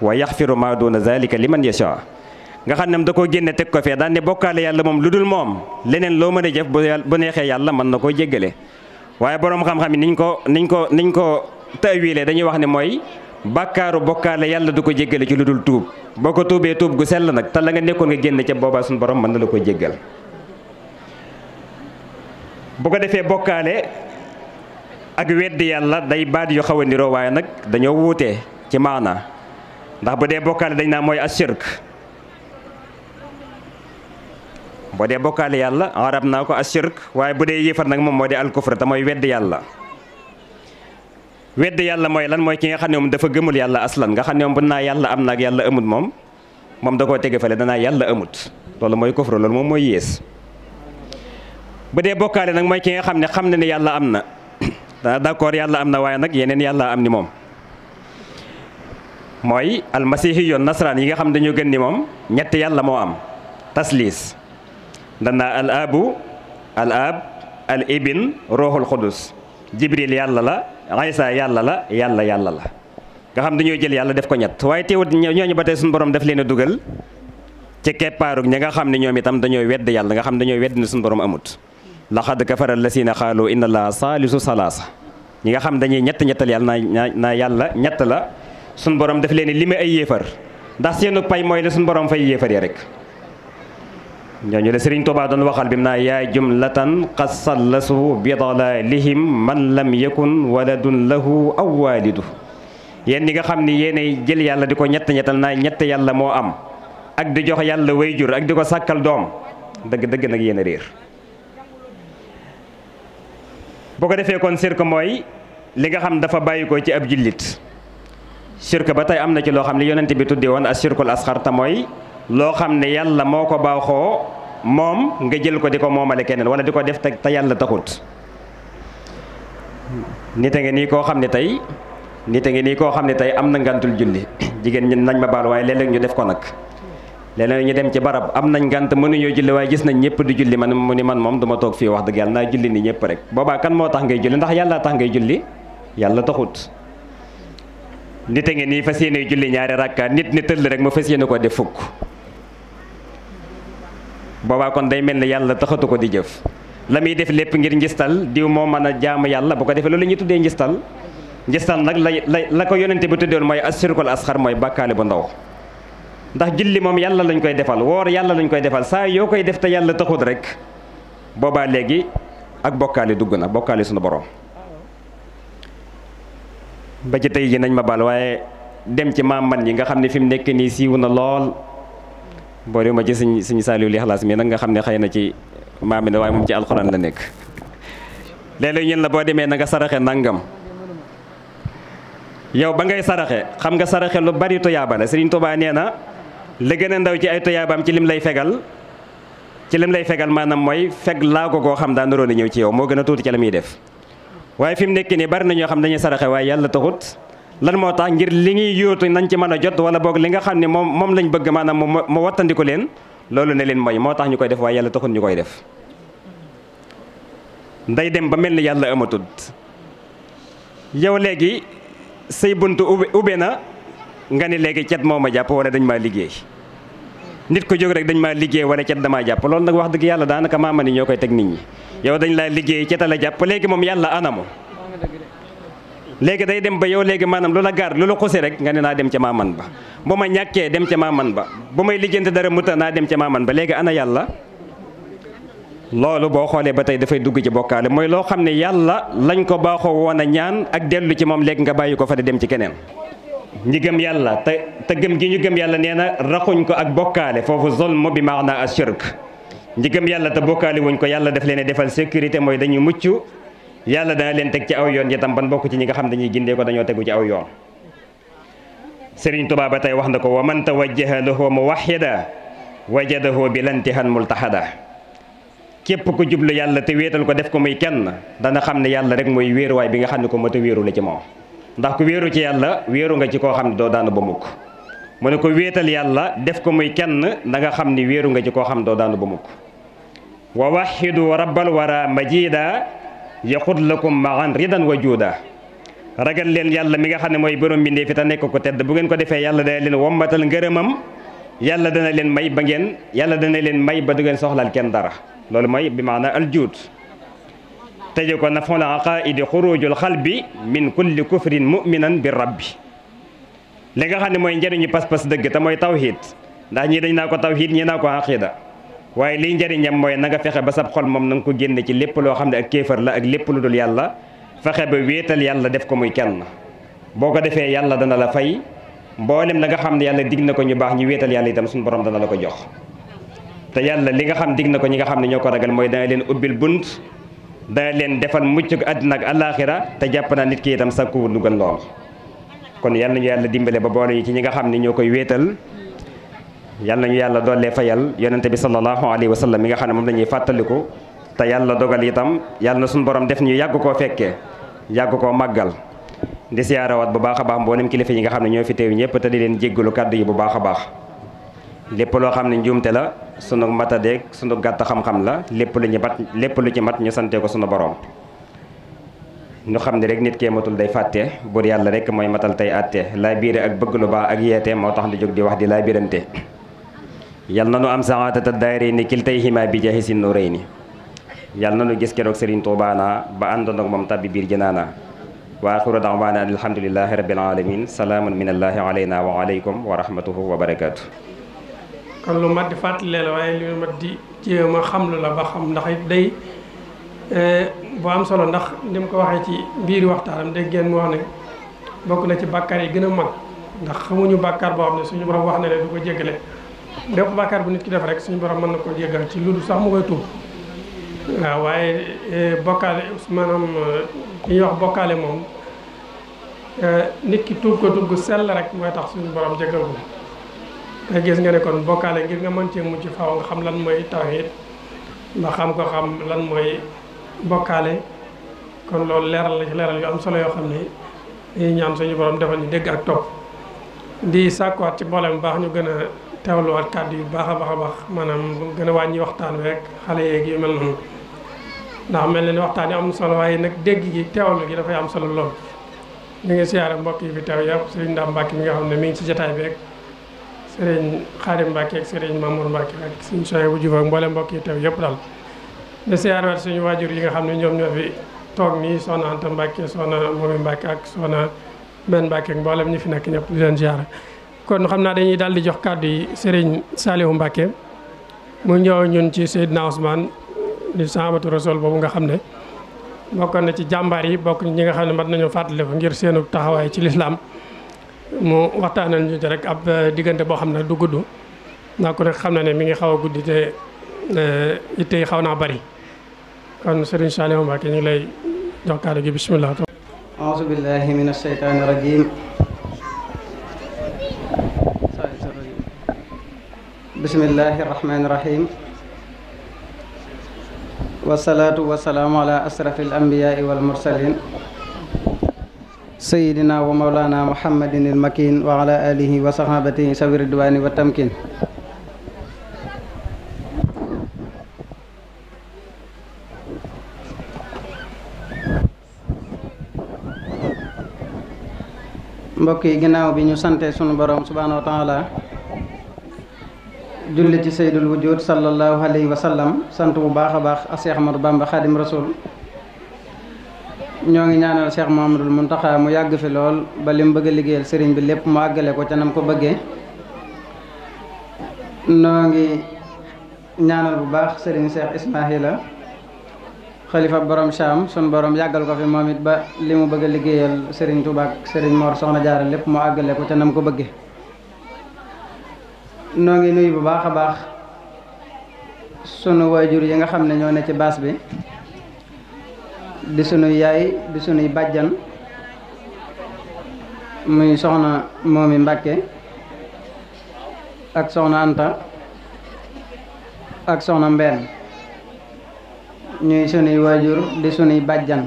wa yaxfiru ma duna zalika liman yasha nga xam ne da koo génne teg ko fee daan ne bokkaale yàlla moom lu dul moom leneen loo mën a jëf bu neexee yàlla mën na koo jéggale waaye boroom xam-xam yi niñ ko niñ ko niñ ko taawilee dañuy wax ne mooy bàkkaaru bokkaale yàlla du ko jéggale ci lu dul tuub boo ko tuubee tuub gu sell nag te la nga nekkoon nga génn ca boobaa suñu borom mën na la ko jéggal bu ko defee bokkaale ak weddi yàlla day baat yu xaw niroo waaye nag dañoo wuute ci maana ndax bu dee bokkaale dañ naa mooy ashirk bu dee bokkaale yàlla arab naa ko ashirk waaye bu dee yéefar nag moom mooy de alkufr te mooy wedd yàlla wedd yàlla mooy lan mooy ki nga xam ne moom dafa gëmul yàlla aslan nga xam ne moom yàlla am naag yàlla amut moom moom da koo tege fale danaa yàlla amut loolu mooy kufr loolu moom mooy yées bu dee bokkaale nag mooy ki nga xam ne xam na ne yàlla am na d'accord yàlla am na waaye nag yeneen yàlla am ni moom mooy almasihi yoon nasaraan yi nga xam dañoo gën ni moom ñett yàlla moo am tasliis danaa al abu al ab al ibn ruuxul xudus jibril yàlla la aysa yàlla la yàlla yàlla la nga xam dañoo jël yàlla def ko ñett waaye teewut ñooñ ba tey suñu borom def leen a dugal ci keppaarug ñi nga xam ne ñoom itam dañoo wedd yàlla nga xam dañoo wedd ne suñu borom amut laxad kafara lasina xaalu inna laa saalisu salaasa ñi nga xam dañuy ñett ñettal yàlla naa naa yàlla ñett la suñ boroom daf leen ni limee ay yéefar ndax seenu pay mooy la suñ borom fay yéefar ya rek ñooñu la Sëriñ Tuubaa doon waxal bi mu naa yaay jumlatan qad sallasu bi dalalihim man lam yakun waladun lahu aw waalidu yéen ñi nga xam ni yéenay jël yàlla di ko ñett ñettal naa ñett yàlla moo am ak di jox yàlla wayjur ak di ko sàkkal doom dëgg dëgg nag yéen a réer boo ko defee kon sir ko mooy li nga xam dafa bàyyi ko ci ab jullit sirk ba tey am na ci loo xam ne yonent bi tuddi woon as sirkul asxar te mooy loo xam ne yàlla moo ko baaxoo moom nga jël ko di ko moomale keneen wala di ko def te yàlla taxut nit a ngi nii koo xam ne tey nit a ngi koo xam ne tey am na ngantul julli jigéen ñi nañ ma baal waaye léeg-léeg ñu def ko nag léeg-léeg ñu dem ci barab am nañ ngant mënuñoo julli waaye gis nañ ñëpp di julli man mu ni man moom duma toog fii wax dëgg yàlla naa julli ni ñëpp rek boobaa kan moo tax ngay julli ndax yàlla tax ngay julli yàlla taxut nit a ngi nii fas yéene julli ñaari rakka nit ni tëll rek mu fas yéene ko def fukk boobaa kon day mel ni yàlla taxatu ko di jëf la muy def lépp ngir njistal diw moo mën a jaamu yàlla bu ko defee loolu la ñuy tuddee njistal njistal nag la la la ko yonente bi tuddoon mooy asirkul asxar mooy bàkkaale bu ndaw ndax julli moom yàlla lañu koy defal woor yàlla lañ koy defal saa yoo koy def te yàlla taxut rek boobaa léegi ak bokkaale dugg na bokkaale sunu borom ba ci tey ji nañ ma baal waaye dem ci maam man yi nga xam ne fi mu nekk nii siiw na lool boo dee ma ci suñ suñu saaliw li xalaas mi nag nga xam ne xëy na ci maam mi la waaye moom ci alxuraan la nekk léeg-léeg ñun la boo demee na nga saraxe nangam yow ba ngay saraxe xam nga saraxe lu bari tuyaaba la Sëriñ Tuubaa nee na li gën a ndaw ci ay tuyaabaam ci lim lay fegal ci lim lay fegal maanaam mooy feg laa ko koo xam daa naroon a ñëw ci yow moo gën a tuuti ci la muy def waaye fi mu nekk nii bari na ñoo xam dañuy saraxe waaye yàlla taxut lan moo tax ngir li ñuy yóotu nañ ci mën a jot wala boog li nga xam ne moom moom lañ bëgg maanaam mu wattandiku leen loolu ne leen mooy moo tax ñu koy def waaye yàlla taxut ñu koy def day dem ba mel ni yàlla amatul yow léegi say bunt ubbe na nga ne léegi cet moo ma jàpp wala dañ maa liggéey nit ko jóg rek dañ maa liggéey wala cet dama jàpp loolu nag wax dëgg yàlla daanaka maama ni ñoo koy teg nit ñi yow dañ laa liggéey ca tala jàpp léegi moom yàlla anamu léegi day dem ba yow léegi maanaam lu la gaar lu la xusi rek nga ne naa dem ca maaman ba bu ma ñàkkee dem ca maaman ba bu may lijjanti dara muta naa dem ca maaman ba léegi ana yàlla loolu boo xoolee ba tey dafay dugg ci bokkaale mooy loo xam ne yàlla lañ ko baaxoo woon ñaan ak dellu ci moom léegi nga bàyyi ko fa di dem ci keneen ñi gëm yàlla te te gëm gi ñu gëm yàlla nee na raxuñ ko ak bokkaale foofu zolm bi maanaa ashirk ñi gëm yàlla te bokkaali wuñ ko yàlla def leen defal sécurité mooy dañuy mucc yàlla dana leen teg ci aw yoon tam ban bokk ci ñi nga xam dañuy gindee ko dañoo tegu ci aw yoon sëriñ Tuubaa ba tey wax na ko wa man tawajjaha lahu muwahhida wajadahu bilantihan multahada képp ku jublu yàlla te weetal ko def ko muy kenn dana xam ne yàlla rek mooy weeruwaay bi nga xam ne ko mata weeru la ci moom ndax ku wéeru ci yàlla weeru nga ci koo xam ne doo daanu ba mukk mu ne ko wéetal yàlla def ko muy kenn da nga xam ni wéeru nga ci koo xam ne doo daanu ba mukk wa waxidu rabbal wara majida yaxut lakum maxan ridan wa juuda ragal leen yàlla mi nga xam ne mooy borom mbindee fi te nekk ko tedd bu ngeen ko defee yàlla dana leen wombatal ngërëmam yàlla dana leen may ba ngeen yàlla dana leen may ba du ngeen soxlaal kenn dara loolu mooy bi maana aljuud tëje ko nafon la aqaidi xurujul xalbi min kulli kufrin muminan bi rabbi li nga xam ne mooy njëriñu pas-pas dëgg te mooy tawhid ndax ñii dañ na ko tawhid ñii naa ko aqida waaye liy njëriñam mooy nanga fexe ba sab xol moom nanga ko génne ci lépp loo xam ne ak kéefar la ak lépp lu dul yàlla fexe ba wéetal yàlla def ko muy kenn boo ko defee yàlla dana la fay mboolem na nga xam ne yàlla dig na ko ñu baax ñu wéetal yàlla itam suñu borom dana la ko jox te yàlla li nga xam digg na ko ñi nga xam ne ñoo ko ragal mooy dana leen ubbil bunt dana leen defal mucc ko àddina ak alaaxira te jàpp naa nit ki itam sakkuwul lu gën lool kon yàlla dimbale ba boole yi ci ñi nga xam ne ñoo koy wéetal yal nañu yàlla dollee fayal yonente bi sallallahu alayhi wa sallam mi nga xam ne moom la ñuy fàttaliku te yàlla dogal itam yàlla na suñu borom def ñu yàgg koo fekkee yàgg koo màggal di siyaarawaat bu baax a baax mboolem kilifa yi nga xam ne ñoo fi teew ñëpp te di leen jéggalu kàddu yi bu baax a baax lépp loo xam ne njuumte la sunu matadeeg sunu gàtt xam-xam la lépp lu ñu mat lépp lu ci mat ñu sante ko sunu boroom ñu xam ne rek nit kee matul day fàtte buur yàlla rek mooy matal tey àtte laa biire ak bëgg lu baax ak yeete moo tax di jóg di wax di laa biirante yal na nu am saxaatata daayre ni kiltayhima bi jaahi sin nurayni yal na nu gis keroog Serigne Touba naa ba àndoon ak moom tàbbi biir janaana wa axiru da'waana an alhamdulillahi rabbil alamin salaamun minallahi alayna wa alaykum wa rahmatuhu wa barakaatu. kon lu mat di fàttali la waaye lu mat di jéem a xam lu la ba xam ndax it day eh, bu am solo ndax ni ko waxee ci biir waxtaanam dégg ngeen mu wax ne bokk na ci bàkkaar yi gën a mag ndax xamuñu bàkkaar boo xam ne suñu borom wax na ne du ko jéggale bépp bàkkaar bu nit ki def rek suñu borom mën na koo jéggal ci lu dul sax mu koy tuub waaw waaye eh, bokkaale maanaam eh, li ñuy wax bokkaale moom eh, nit ki tuub ko tuub gu sell rek mooy tax suñu borom jéggal ko te gis nga ne kon bokkaale ngir nga mën cee mujj faw nga xam lan mooy tawhid nga xam ko xam lan mooy bokkaale kon loolu leeral la ci leeral yu am solo yoo xam ne ñaan suñu borom defal ñu dégg ak topp di sàkkuwaat ci mboolem baax ñu gën a teewluwaat kàddu yu baax a baax a baax maanaam gën a wàññi waxtaan wi rek xale yeeg yu mel noonu ndax mel ne ni waxtaan yi am solo waaye nag dégg gi teewlu gi dafay am solo lool. ñu ngi siyaare mbokk yi fi teew yëpp sëriñ Ndam Mbacke mi nga xam ne mi ngi ci jotaay bi rek sëriñ Xaadim Mbacke ak sëriñ Mamour Mbacke ak suñu sooy bu jub ak mboole mbokk yi teew yëpp daal. di siyaarewaat suñu waajur yi nga xam ne ñoom ñoo fi toog nii soxna Anta Mbacke soxna Momi Mbacke ak soxna Ben Mbacke ak ñi fi nekk ñëpp di leen siyaare kon xam naa dañuy daal di jox kàddu yi Serigne Saliou Mbacke mu ñëw ñun ci Seydina Ousmane di sahabatu rasul boobu nga xam ne bokkoon na ci jàmbaar yi bokk ñi nga xam ne mat nañu fàttali ko ngir seenu taxawaay ci lislaam mu waxtaan ñu ci rek ab euh, diggante boo xam ne du gudd ndax ku nekk xam na ne mi ngi xaw a guddi te euh, itte yi xaw naa bari kon Serigne Saliou Mbacke ñu ngi lay jox kàddu gi bisimilah. aouzu billahi mina shaytaani rajim. bismillahi irrahmani irrahim wasalaatu wasalaamu ala asrafi alambiyaai walmursalin sayidina wa maulana muhammadin ilmakin wa ala alihi wa sahabatihi sawi ridwani wa tamkin mbokk yi ginnaaw bi ñu sante sunu borom subhanahu wa taala julli ci saydul wujud sallallahu alayhi wa sallam sant bu baax a baax a Cheikh Ahmadou Bamba Khadim Rasoul ñoo ngi ñaanal Cheikh mun taxa mu yàgg fi lool ba li mu bëgg a liggéeyal sëriñ bi lépp mu àggale ko ca ko bëggee ñaanal bu baax sëriñ Cheikh Ismaahila xalifa borom Cham sun borom yàggal ko fi moom it ba li mu bëgg a liggéeyal sëriñ Touba ak sëriñ Mor Soxna Jaara lépp mu àggale ko ca nam ko bëggee noo ngi nuyu bu baax a baax sunu waajur yi nga xam ne ñoo ne ci baas bi di sunuy yaay di sunuy bàjjan muy soxna moomi Mbàkke ak soxna Anta ak soxna Mbeen ñuy sunuy waajur di sunuy bàjjan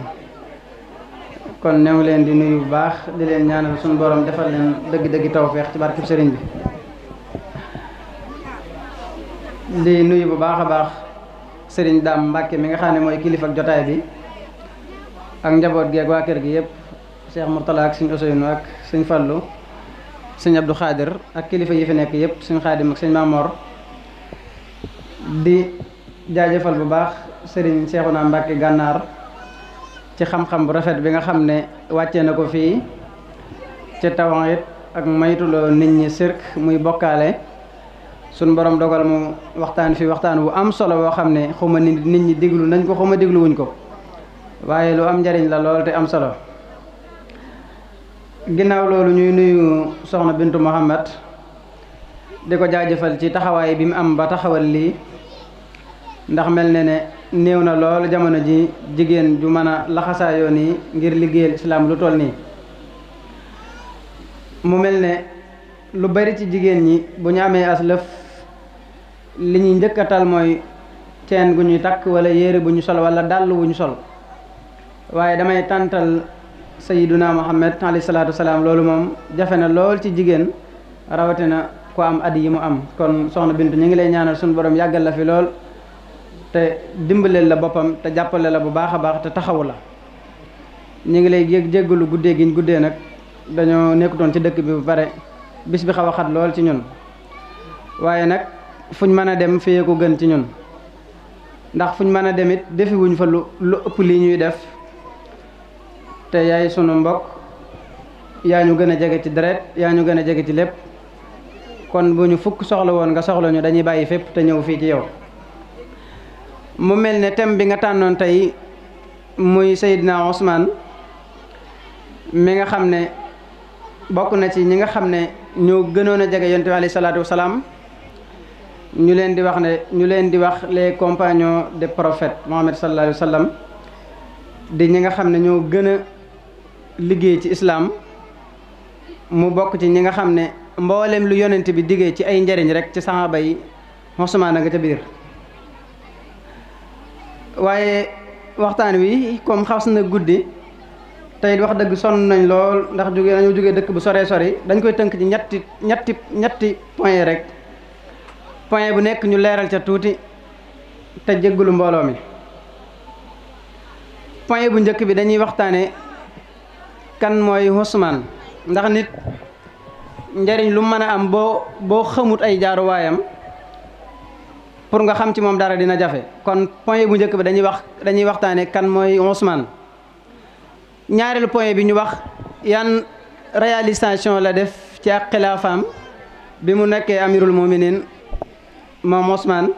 kon new leen di nuyu bu baax di leen ñaanal sunu borom defal leen dëgg-dëgg tawfeex ci barkeb sëriñ bi di nuyu bu baax a baax sëriñ daam Mbàkke mi nga xam ne mooy kilifa jotaay bi ak njaboot gi ak waa kër gi yëpp Cheikh Mourtala ak suñu Ousseynou ak suñ Fallu suñ Abdou ak kilifa yi fi nekk yëpp suñ Xaadim ak suñ Mamor di jaajëfal bu baax sëriñ naa Mbàkke gànnaar ci xam-xam bu rafet bi nga xam ne wàcce na ko fii ci tawant it ak maytuloo nit ñi sirk muy bokkaale suñu borom dogal mu waxtaan fi waxtaan wu am solo boo xam ne xuma nit ñi déglu nañ ko xuma déglu wuñ ko waaye lu am njariñ la lool te am solo ginnaaw loolu ñuy nuyu soxna Bintu Muhammad di ko jaajëfal ci taxawaay bi mu am ba taxawal lii ndax mel ne ne néew na lool jamono ji jigéen ju mën a laxasaayoo yi ngir liggéeyal islaam lu toll nii mu mel ne lu bari ci jigéen ñi bu ñu amee lëf li ñuy njëkkatal mooy ceen gu ñuy takk wala yére bu ñu sol wala dàll wu ñu sol waaye damay tàntal sayiduna muhammad alayhi salaatu wasalaam loolu moom jafe na lool ci jigéen rawatina ku am at yi mu am kon soxna Bintu ñu ngi lay ñaanal suñu borom yàggal la fi lool te dimbaleel la boppam te jàppale la bu baax a baax te taxawu la ñu ngi lay jég jéggalu guddee giñ guddee nag dañoo nekkutoon ci dëkk bi bu pare bis bi xaw a xat lool ci ñun waaye nag fuñ mën a dem fee ko gën ci ñun ndax fuñ mën a dem it defiwuñ fa lu lu ëpp lii ñuy def te yaay sunu mbokk yaa ñu gën a jege ci deret yaa ñu gën a jege ci lépp kon bu ñu fukk soxla woon nga soxla ñu dañuy bàyyi fépp te ñëw fii ci yow mu mel ne thème bi nga tànnoon tey muy Seydina Ousmane mi nga xam ne bokk na ci ñi nga xam ne ñoo gënoon a jege yonent bi alayhi salaatu wasalaam ñu leen di wax ne ñu leen di wax les compagnons des prophètes Mohamed sallallahu alayhi wa sallam di ñi nga xam ne ñoo gën a liggéey ci islaam mu bokk ci ñi nga xam ne mboolem lu yonent bi diggee ci ay njariñ rek ci saxaaba yi Usmaan a nga ca biir waaye waxtaan wi comme xas na guddi tey wax dëgg sonn nañ lool ndax jóge dañoo jógee dëkk bu soree sori dañ koy tënk ci ñetti ñetti ñetti point rek point bu nekk ñu leeral ca tuuti te jéggulu mbooloo mi point bu njëkk bi dañuy waxtaane kan mooy Ousmane ndax nit njariñ lu mën a am boo boo xamut ay jaaruwaayam pour nga xam ci moom dara dina jafe kon point bu njëkk bi dañuy wax dañuy waxtaane kan mooy Ousmane ñaareelu point bi ñu wax yan réalisation la def ci ak xilaafaam bi mu nekkee amirul muminin moom Ousmane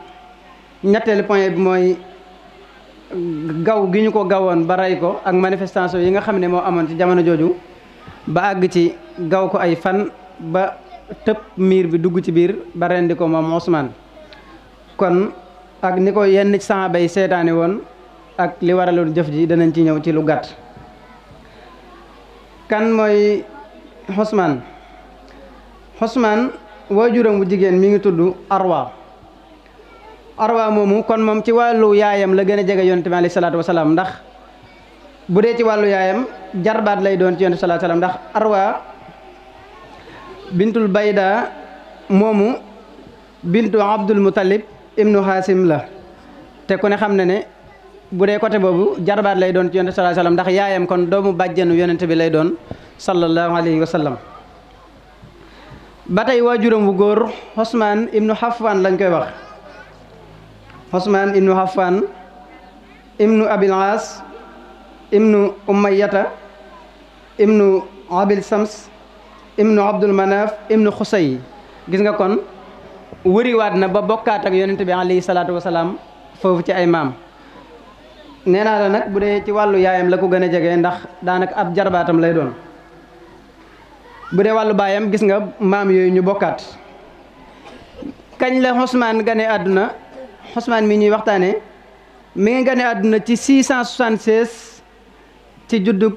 ñetteelu point bi mooy gaw gi ñu ko gawoon ba rey ko ak manifestation yi nga xam ne moo amoon ci jamono jooju ba àgg ci gaw ko ay fan ba tëb miir bi dugg ci biir ba rendi ko moom Ousmane kon ak ni ko yenn saxaaba bay seetaane woon ak li waraloon jëf ji danañ ci ñëw ci lu gàtt kan mooy osmaan Ousmane waajuram bu jigéen mi ngi tudd Arwa arwa moomu kon moom ci wàllu yaayam la gën a jege yonent bi alayhi salaatu wasalaam ndax bu dee ci wàllu yaayam jarbaat lay doon ci yonent salaatu wasalaam ndax arwa bintul bayda moomu bintu abdul mutalib ibnu haasim la te ku ne xam ne ne bu dee côté boobu jarbaat lay doon ci yonent salaatu wasalaam ndax yaayam kon doomu bàjjanu yonent bi lay doon sallallahu alayhi wa sallam ba tey waajuram góor Usmaan ibnu Xafaan lañ koy wax Usmaan ibnu Affaan nu Abil Aas ibnu Umayyata ibnu Abil Sams ibnu Abdul Manaaf ibnu Xusay gis nga kon wëriwaat na ba bokkaat ak yonent bi alayhi salaatu wasalaam foofu ci ay maam nee naa la nag bu dee ci wàllu yaayam la ko gën a jege ndax daanaka ab jarbaatam lay doon bu dee wàllu baayam gis nga maam yooyu ñu bokkaat kañ la Usmaan gane àdduna Ousmane mi ñuy waxtaanee mi ngi gane àdduna ci 676 ci juddug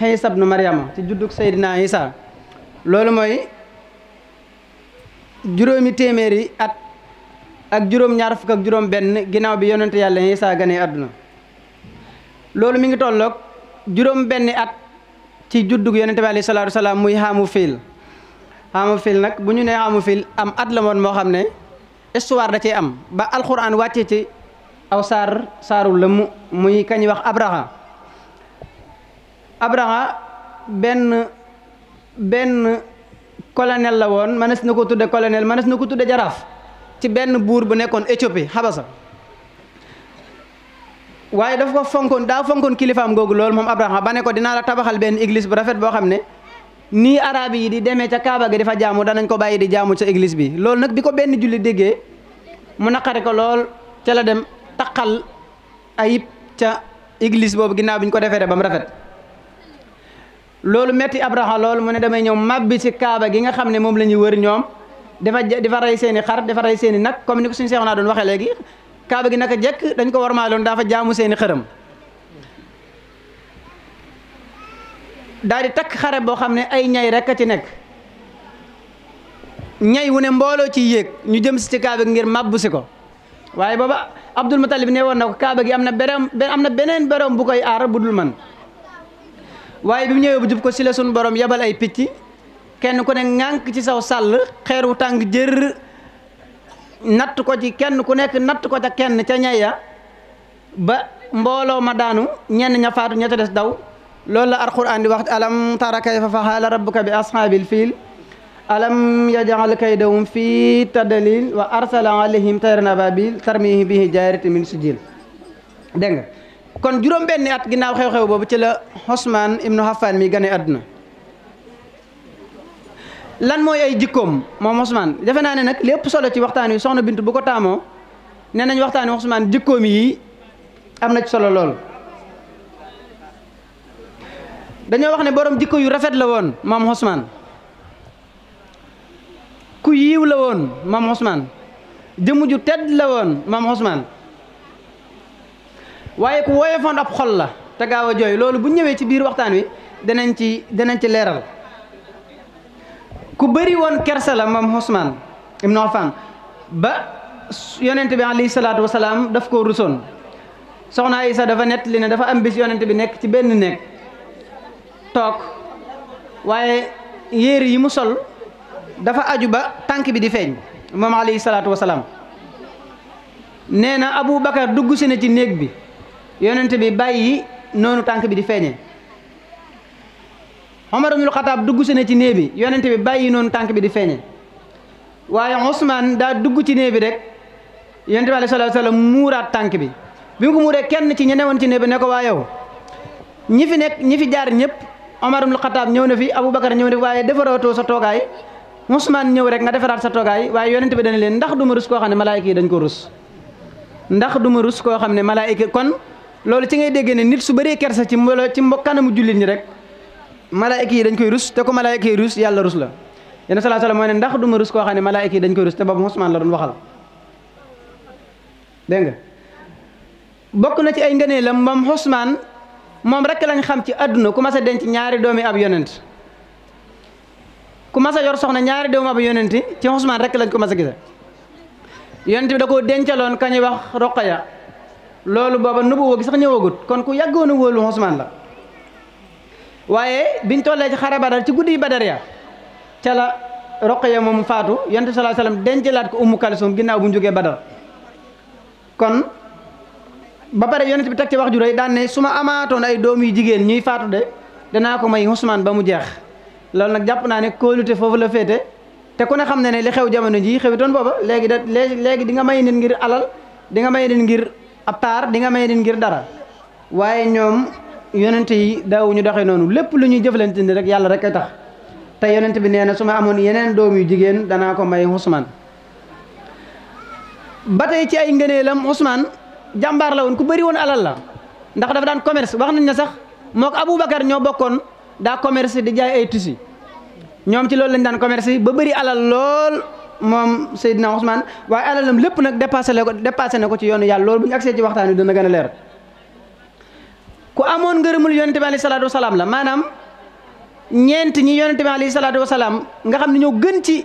Iisa ibnu Maryama ci juddug Seydina Iisa loolu mooy juróomi téeméeri at ak juróom ñaar fukk ak juróom benn ginnaaw bi yonente yàlla Iisa gane àdduna loolu mu ngi tolloog juróom benni at ci juddug yonente bi alayhi salaatu wasalaam muy xaamu fiil xaamu fiil nag bu ñu nee xaamu fiil am at la moo xam ne histoire da cee am ba alxuraan wàccee ci aw saar saarul la mu muy kañ wax abraha abraha benn benn colonel la woon mënees na ko tudde colonel mënees na ko tudde jaraaf ci benn buur bu nekkoon Éthiopie Habasa waaye dafa ko fonkoon daa fonkoon kilifaam googu loolu moom abraha ba ne ko dinaa la tabaxal benn église bu rafet boo xam ne nii arabe yi di demee ca Kaaba gi di fa jaamu danañ ko bàyyi di jaamu ca église bi loolu nag di ko benn julli déggee mu naqari ko lool ca la dem taqal ayib ca église boobu ginnaaw bi ñu ko defeere ba mu rafet loolu metti Abraha lool mu ne damay ñëw mabbi ci Kaaba gi nga xam ne moom la ñuy wër ñoom dafa dafa rey seen xar dafa rey seen i nag comme ni ko suñu seexoon doon waxe léegi Kaaba gi naka jekk dañ ko warmaaloon daa fa jaamu seeni i daal di takk xare boo xam ne ay ñay rek a ci nekk ñay wu ne mbooloo ci yéeg ñu jëm si ci kaaba gi ngir màbbu si ko waaye booba Abdul Mutalib ne woon na ko kaaba gi am na beram am na beneen beroom bu koy aar bu dul man waaye bi mu ñëwee bu jub ko si la suñu borom yabal ay picc kenn ku ne ŋànk ci saw sàll xeer tàng jër natt ko ci kenn ku nekk natt ko ca kenn ca ñay ya ba mbooloo ma daanu ñenn ña faatu ña ca des daw loolu la alquran di wax alam tara kayfa faxaala rabbuka bi ashaabil fiil alam yajal kaydahum fi tadalil wa arsala alayhim tayran ababil tarmihi bihi jaarati min sijil dégg nga kon juróom benni at ginnaaw xew-xew boobu ci la Ousmane ibnu Affan mi gane àdduna lan mooy ay jikkoom moom Ousmane defe naa ne nag lépp solo ci waxtaan wi soxna Bintu bu ko taamoo nee nañ waxtaan wi Ousmane jikkoom yi am na ci solo lool dañoo wax ne borom jikko yu rafet la woon maam Ousmane ku yiiw la woon maam Ousmane jëmm ju tedd la woon maam Ousmane waaye ku woyofoon ab xol la te gaaw a jooy loolu bu ñëwee ci biir waxtaan wi danañ ci danañ ci leeral ku bari woon kerse la maam Ousmane ibnu Affan ba yonent bi alayhi salaatu wasalaam daf koo rusoon soxna Aysa dafa nett li ne dafa am bis yonent bi nekk ci benn nekk toog waaye yére yi mu sol dafa aju ba tànk bi di feeñ moom alayhi salaatu wasalaam nee na Abu Bakar dugg si na ci néeg bi yonent bi bàyyi noonu tànk bi di feeñe Omar ibnul Xataab dugg si na ci néeg bi yonent bi bàyyi noonu tànk bi di feeñe waaye Ousmane daa dugg ci néeg bi rek yonent bi alayhi salaatu muuraat tànk bi bi mu ko muuree kenn ci ñeneen woon ci néeg bi ne ko waa yow ñi fi nekk ñi fi jaar ñépp Omar ibn Khattab ñëw na fi Aboubacar ñëw na fi waaye defaraatoo sa toogaay Ousmane ñëw rek nga defaraat sa toogaay waaye yonent bi dana leen ndax du ma rus koo xam ne malaayika yi dañ ko rus ndax du ma rus koo xam ne malaayika kon loolu ci ngay déggee ne nit su bëree kersa ci mbooloo ci kanamu jullit ñi rek malaayika yi dañ koy rus te ko malaayika yi rus yàlla rus la yéen salaa salaam moo ne ndax du ma rus koo xam ne malaayika yi dañ koy rus te boobu Ousmane la doon waxal dégg bokk na ci ay ngëneelam moom Ousmane moom rek lañ xam ci àdduna ku mas denc ñaari doomi ab yonent ku mas a yor soxna ñaari doomi ab yonent ci Usmaan rek lañ ko mas a gise yonent bi da koo dencaloon kañuy wax Roqaya loolu booba nubuwa gi sax ñëwagut kon ku yàggoon a wóolu Usmaan la waaye biñ tollee ci xare Badar ci guddi Badar ya ca la Roqaya moomu faatu yonent bi sallallahu alayhi wasallam dencalaat ko Ummu Kalsum ginnaaw bu ñu jógee Badar kon ba pare yonent bi teg ci wax ju rëy daan ne amaatoon ay doom yu jigéen ñuy faatu de danaa ko may Ousmane ba mu jeex loolu nag jàpp naa ne kóolute foofu la féete te ku ne xam ne ne li xew jamono jii xewitoon booba léegi da léegi di nga may nit ngir alal di nga may nit ngir ab taar di nga may nit ngir dara waaye ñoom yonent yi daawuñu doxee noonu lépp lu ñuy jëflante ni rek yàlla rek a tax te yonent bi nee na su ma amoon yeneen doom yu jigéen dana ko may Ousmane ba ci ay ngëneelam Ousmane jàmbaar la woon ku bëri woon alal la ndax dafa daan commerce wax nañ ne sax moo moog Aboubacar ñoo bokkoon daa commerce di jaay ay tissus ñoom ci loolu lañ daan commerce ba bëri alal lool moom Seydina Ousmane waaye alalam lépp nag dépassé na ko dépassé na ko ci yoonu yàlla loolu bu ñu agsee ci waxtaan dana gën a leer ku amoon ngërëmul yonente bi alayhi salaatu wasalaam la maanaam ñeent ñi yonente bi alayhi salaatu nga xam ne ñoo gën ci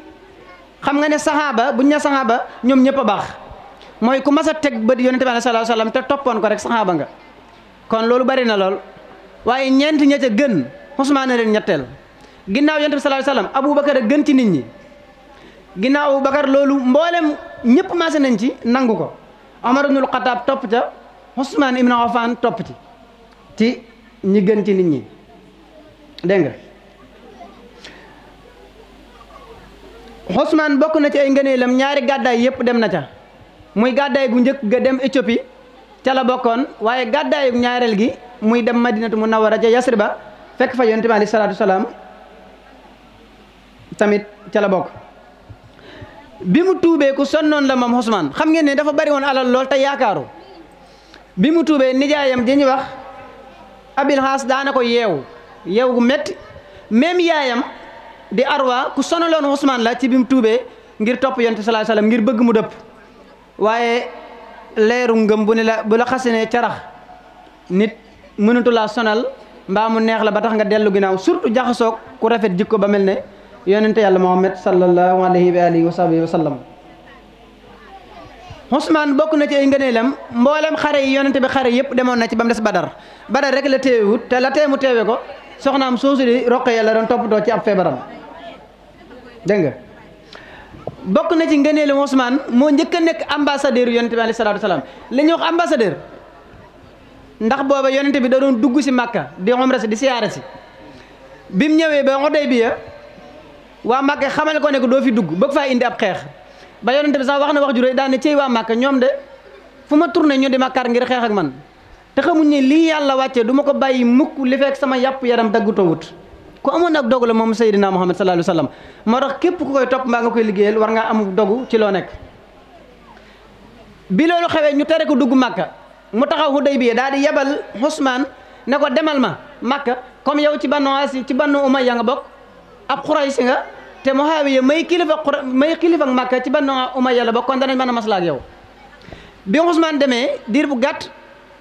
xam nga ne saxaaba buñ ne saxaaba ñoom ñëpp a baax. mooy ku masa teg bët yonente bi sallallahu alayhi wasallam te toppoon ko rek saxaaba nga kon loolu bari na lool waaye ñeent ña ca gën Usmaan leen ñetteel ginnaaw yonente bi sallallahu alayhi wasallam Abubakar a gën ci nit ñi ginnaaw Abubakar loolu mboolem ñëpp maase nañ ci nangu ko Omar ibnul Xataab topp ca Usmaan ibnu Affaan topp ci ci ñi gën ci nit ñi dégg nga Usmaan bokk na ci ay ngëneelam ñaari gàddaay yëpp dem na ca muy gàddaay gu njëkk ga dem Éthiopie ca la bokkoon waaye gàddaayu ñaareel gi muy dem madinatu munawwara ca yasriba fekk fa yonent bi alayhi salaatu salaam tamit ca la bokk bi mu tuubee ku sonnoon la moom Ousmane xam ngeen ne dafa bari woon alal lool te yaakaaru bi mu tuubee nijaayam di ñu wax abil xaas daana ko yeewu yeew gu metti même yaayam di arwa ku sonaloon Ousmane la ci bi mu tuubee ngir topp yonent bi salaatu salaam ngir bëgg mu dëpp waaye leeru ngëm bu ne la bu la xasinee carax nit mënatu laa sonal mbaa mu neex la ba tax nga dellu ginnaaw surtout jaxasoog ku rafet jikko ba mel ne yonente yàlla Muhammad sallallahu alayhi wa alihi wa sahbihi wa sallam Ousmane bokk na ci ay ngëneelam mboolem xare yi yonente bi xare yëpp demoon na ci ba mu des Badar Badar rek la teewut te la tee mu teewe ko soxnaam soosu di roqe yàlla doon toppatoo ci ab feebaram dégg bokk na ci ngëneelu Ousmane moo njëkk a nekk ambassadeur yonente bi alayhi salaatu salaam li ñuy wax ambassadeur ndax booba yonente bi da doon dugg si Makka di umra si di siyaara si bi mu ñëwee ba Hudaybiya waa Makka xamal ko nekk doo fi dugg bëgg faa indi ab xeex ba yonente bi sax wax na wax juré daan ne cey waa Makka ñoom de fu ma tourné ñu di ma kar ngir xeex ak man te xamuñ ne lii yàlla wàccee du ma ko bàyyi mukk li sama yàpp yaram daggu tawut ku amoon ak dogu la moom Seydina Muhammad sallallahu alayhi wa képp ku koy topp mbaa koy liggéeyal war ngaa am dogu ci loo nekk bi loolu ñu tere ko dugg Makka mu taxaw Hudaybiya daal di yebal Usmaan ne ko demal ma comme yow ci Banu ci Banu Umayya nga bokk ab Quraysh nga kilifa Quraysh may ci Banu Umayya la bokk kon danañ demee diir bu gàtt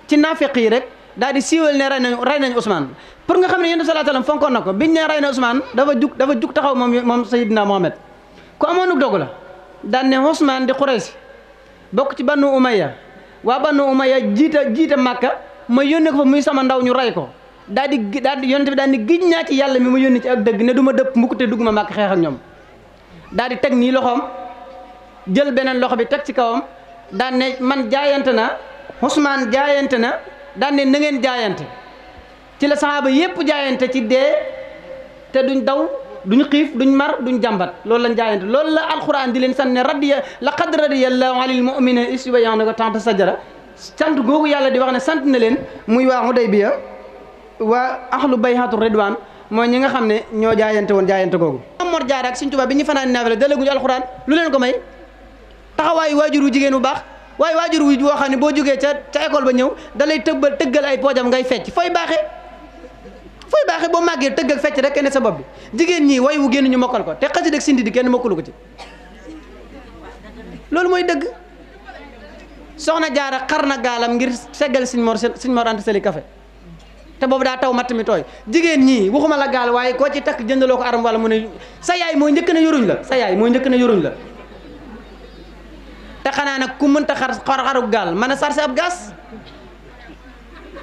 ci naafiq yi rek daal di siiwal ne rey nañu rey nañu Usmaan pour nga xam ne yonent bi sallallahu alayhi wasallam na ko biñ ne rey na Ousmane dafa jug dafa jug taxaw moom moom Seydina Mohamed ku amoonug dogu la daan ne Ousmane di Quraysh bokk ci Banu Umayya waa Banu Umayya jiita jiita Makka ma yónnee ko fa muy sama ndaw ñu rey ko daal di daal di yonent bi daal di giñ naa ci yàlla mi ma yónni ci ak dëgg ne du ma dëpp mukk te dugg ma Makka xeex ak ñoom daal di teg nii loxoom jël beneen loxo bi teg ci kawam daan ne man jaayante na Ousmane jaayante na daan ne na ngeen jaayante ci la saxaaba yépp jaayante ci dee te duñ daw duñ xiif duñ mar duñ jàmbat loolu lañ jaayante loolu la alxuraan di leen sant ne radiya laqad radiyallahu anil mu'minina is yubayyi'unaka tahta sajara sant googu yàlla di wax ne sant na leen muy waa Hudaybiya waa ahlu bayhatur ridwan mooy ñi nga xam ne ñoo jaayante woon jaayante googu Mor Jaara ak Sëñ Tuubaa bi ñu fanaan naa naafila dalaguñu alxuraan lu leen ko may taxawaayu waajur wu jigéen bu baax waaye waajur wu woo xam ne boo jógee ca ca école ba ñëw da lay tëbbal tëggal ay poojam ngay fecc fooy baaxee fooy baaxee boo màggee tëgg ak fecc rek ne sa bopp bi jigéen ñi way wu génn ñu mokkal ko te xasida ak sindi di kenn mokkalu ko ci loolu mooy dëgg soxna jaara xar na gaalam ngir seggal siñ mor siñ mor ant kafe te boobu daa taw matt mi tooy jigéen ñi waxuma la gaal waaye koo ci takk jëndaloo ko aram wala mu ne sa yaay mooy njëkk na yoruñ la sa yaay mooy njëkk na yoruñ la te xanaa nag ku mënta xar xar xaru gaal mën a sarse ab gaas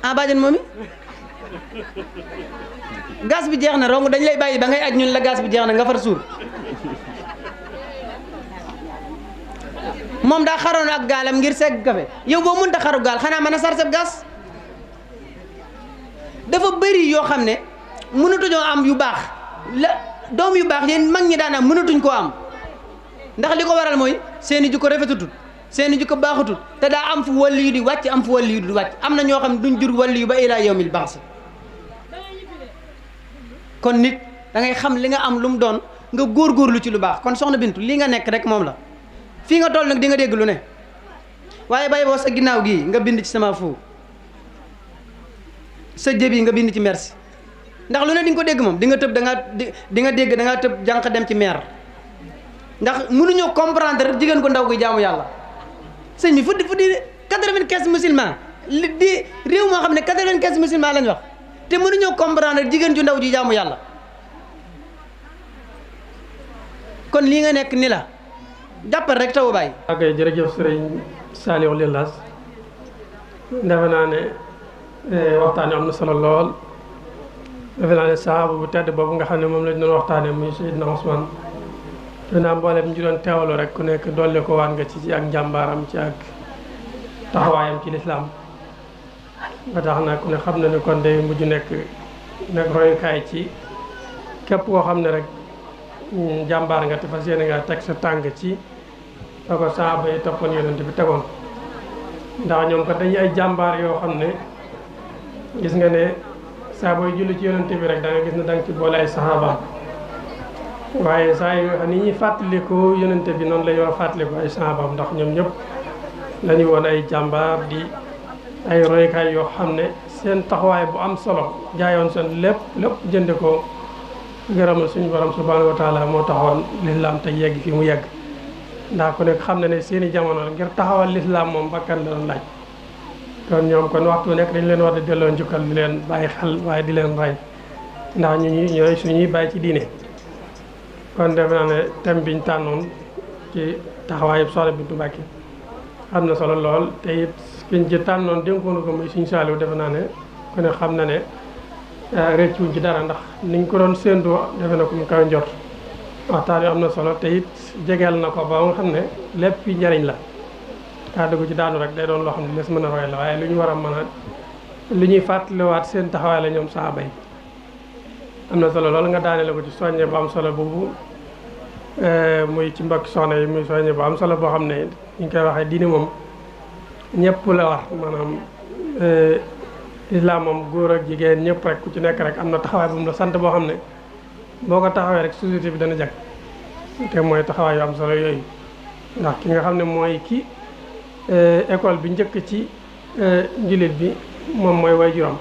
ah bàjjen moom gaz bi jeex na rongu dañ lay bàyyi ba ngay aj ñun la gaz bi jeex na nga far suur moom daa xaroon ak gaalam ngir segg kafe yow boo mënta xaru gaal xanaa mën a sarseb gas dafa bëri yoo xam ne mënatuñoo am yu baax la doom yu baax yéen mag ñi daan am mënatuñ koo am ndax li ko waral mooy seeni jikko rafetutul seeni jikko baaxutul te daa am fu wàllu yu di wàcc am fu wàllu yu di wàcc am na ñoo xam duñ jur wàllu yu ba ilaa yawmil baax kon nit dangay xam li nga am lu mu doon nga góor góor lu ci lu baax kon soxna Bintu lii nga nekk rek moom la fii nga toll nag dinga nga dégg lu ne waaye bay boo sa ginnaaw gii nga bind ci sama fu sa jëb yi nga bind ci merci ndax lu ne di nga ko dégg moom di nga tëb danga di nga dégg da ngaa tëb jànq dem ci meer ndax mënuñoo comprendre jigéen ko ndaw gi jaamu yàlla sëñ bi fu di fu di quatre vingt musulman di réew moo xam ne quatre-vingt-quinze musulman lañ wax te mënuñoo comprendre jigéen ju ndaw ji jaamu yàlla kon lii nga nekk ni la jàppal rek taw bàyyi. waaw kay jërëjëf sëriñ Saliou Lilaas defe naa ne eh, waxtaane am na solo lool defe naa ne saaba bu tedd boobu nga xam ne moom lañ doon waxtaane muy Seydina Ousmane defe naa mboolem ñu doon teewalu rek ku nekk dolli ko waan nga ci ci ak njàmbaaram ci ak taxawaayam ci lislaam ba tax na ku ne xam na ni kon day mujj nekk nag royukaay ci képp koo xam ne rek jàmbaar nga te fas yéene nga teg sa tànk ci fa ko saaba yi toppoon yonent bi tegoon ndax ñoom kat dañuy ay jàmbaar yoo xam ne gis nga ne saa booy julli ci yonent bi rek da gis ne da nga ci ay saxaabaam waaye saa yu fàttaliku yonent bi noonu la ñu a fàttaliku ay saxaabaam ndax ñoom ñëpp lañu woon ay jàmbaar di ay royukaay yoo xam ne seen taxawaay bu am solo jaayoon seen lépp lépp jënde ko gërëmal suñ borom subhanahu wa moo taxawoon lislaam te yegg fi mu yegg ndax ku nekk xam na ne seen i jamono ngir taxawal lislaam moom bakkan la doon laaj kon ñoom kon waxtu nekk dañ leen wax di delloo njukkal di leen bàyyi xel waaye di leen rey ndax ñu ñuy ñooy suñuy bàyyi ci diine kon def naa ne thème tànnoon ci taxawaayu soxna Bintu Mbàkke am na solo lool te it kiñ ci tànnoon dénkoon ko muy suñ saaliw defe naa ne ku ne xam na ne euh, réccuñ ci dara ndax niñ ko doon séentoo defe na ko mu kaw njort waxtaan wi am na solo te it na ko ba xam ne lépp fi njariñ la kàddu gu ci daanu rek day doon loo xam ne les mën a roy la waaye lu ñu war a mën a lu ñuy fàttaliwaat seen taxawaay la ñoom saaba yi am na solo loolu nga daane la ko ci soññe bu am solo boobu Euh, muy ci mbokki soxna yi muy soññe bu am solo boo xam ne ñu koy waxee diine moom ñëpp la war maanaam euh, islam moom góor ak jigéen ñëpp rek ku ci nekk rek am na taxawaay bu mu la sant boo xam ne boo ko taxawee rek société bi dana jag mooy taxawaay am solo yooyu ndax ki nga xam ne mooy ki euh, école bi njëkk ci njulit bi moom mooy waajuram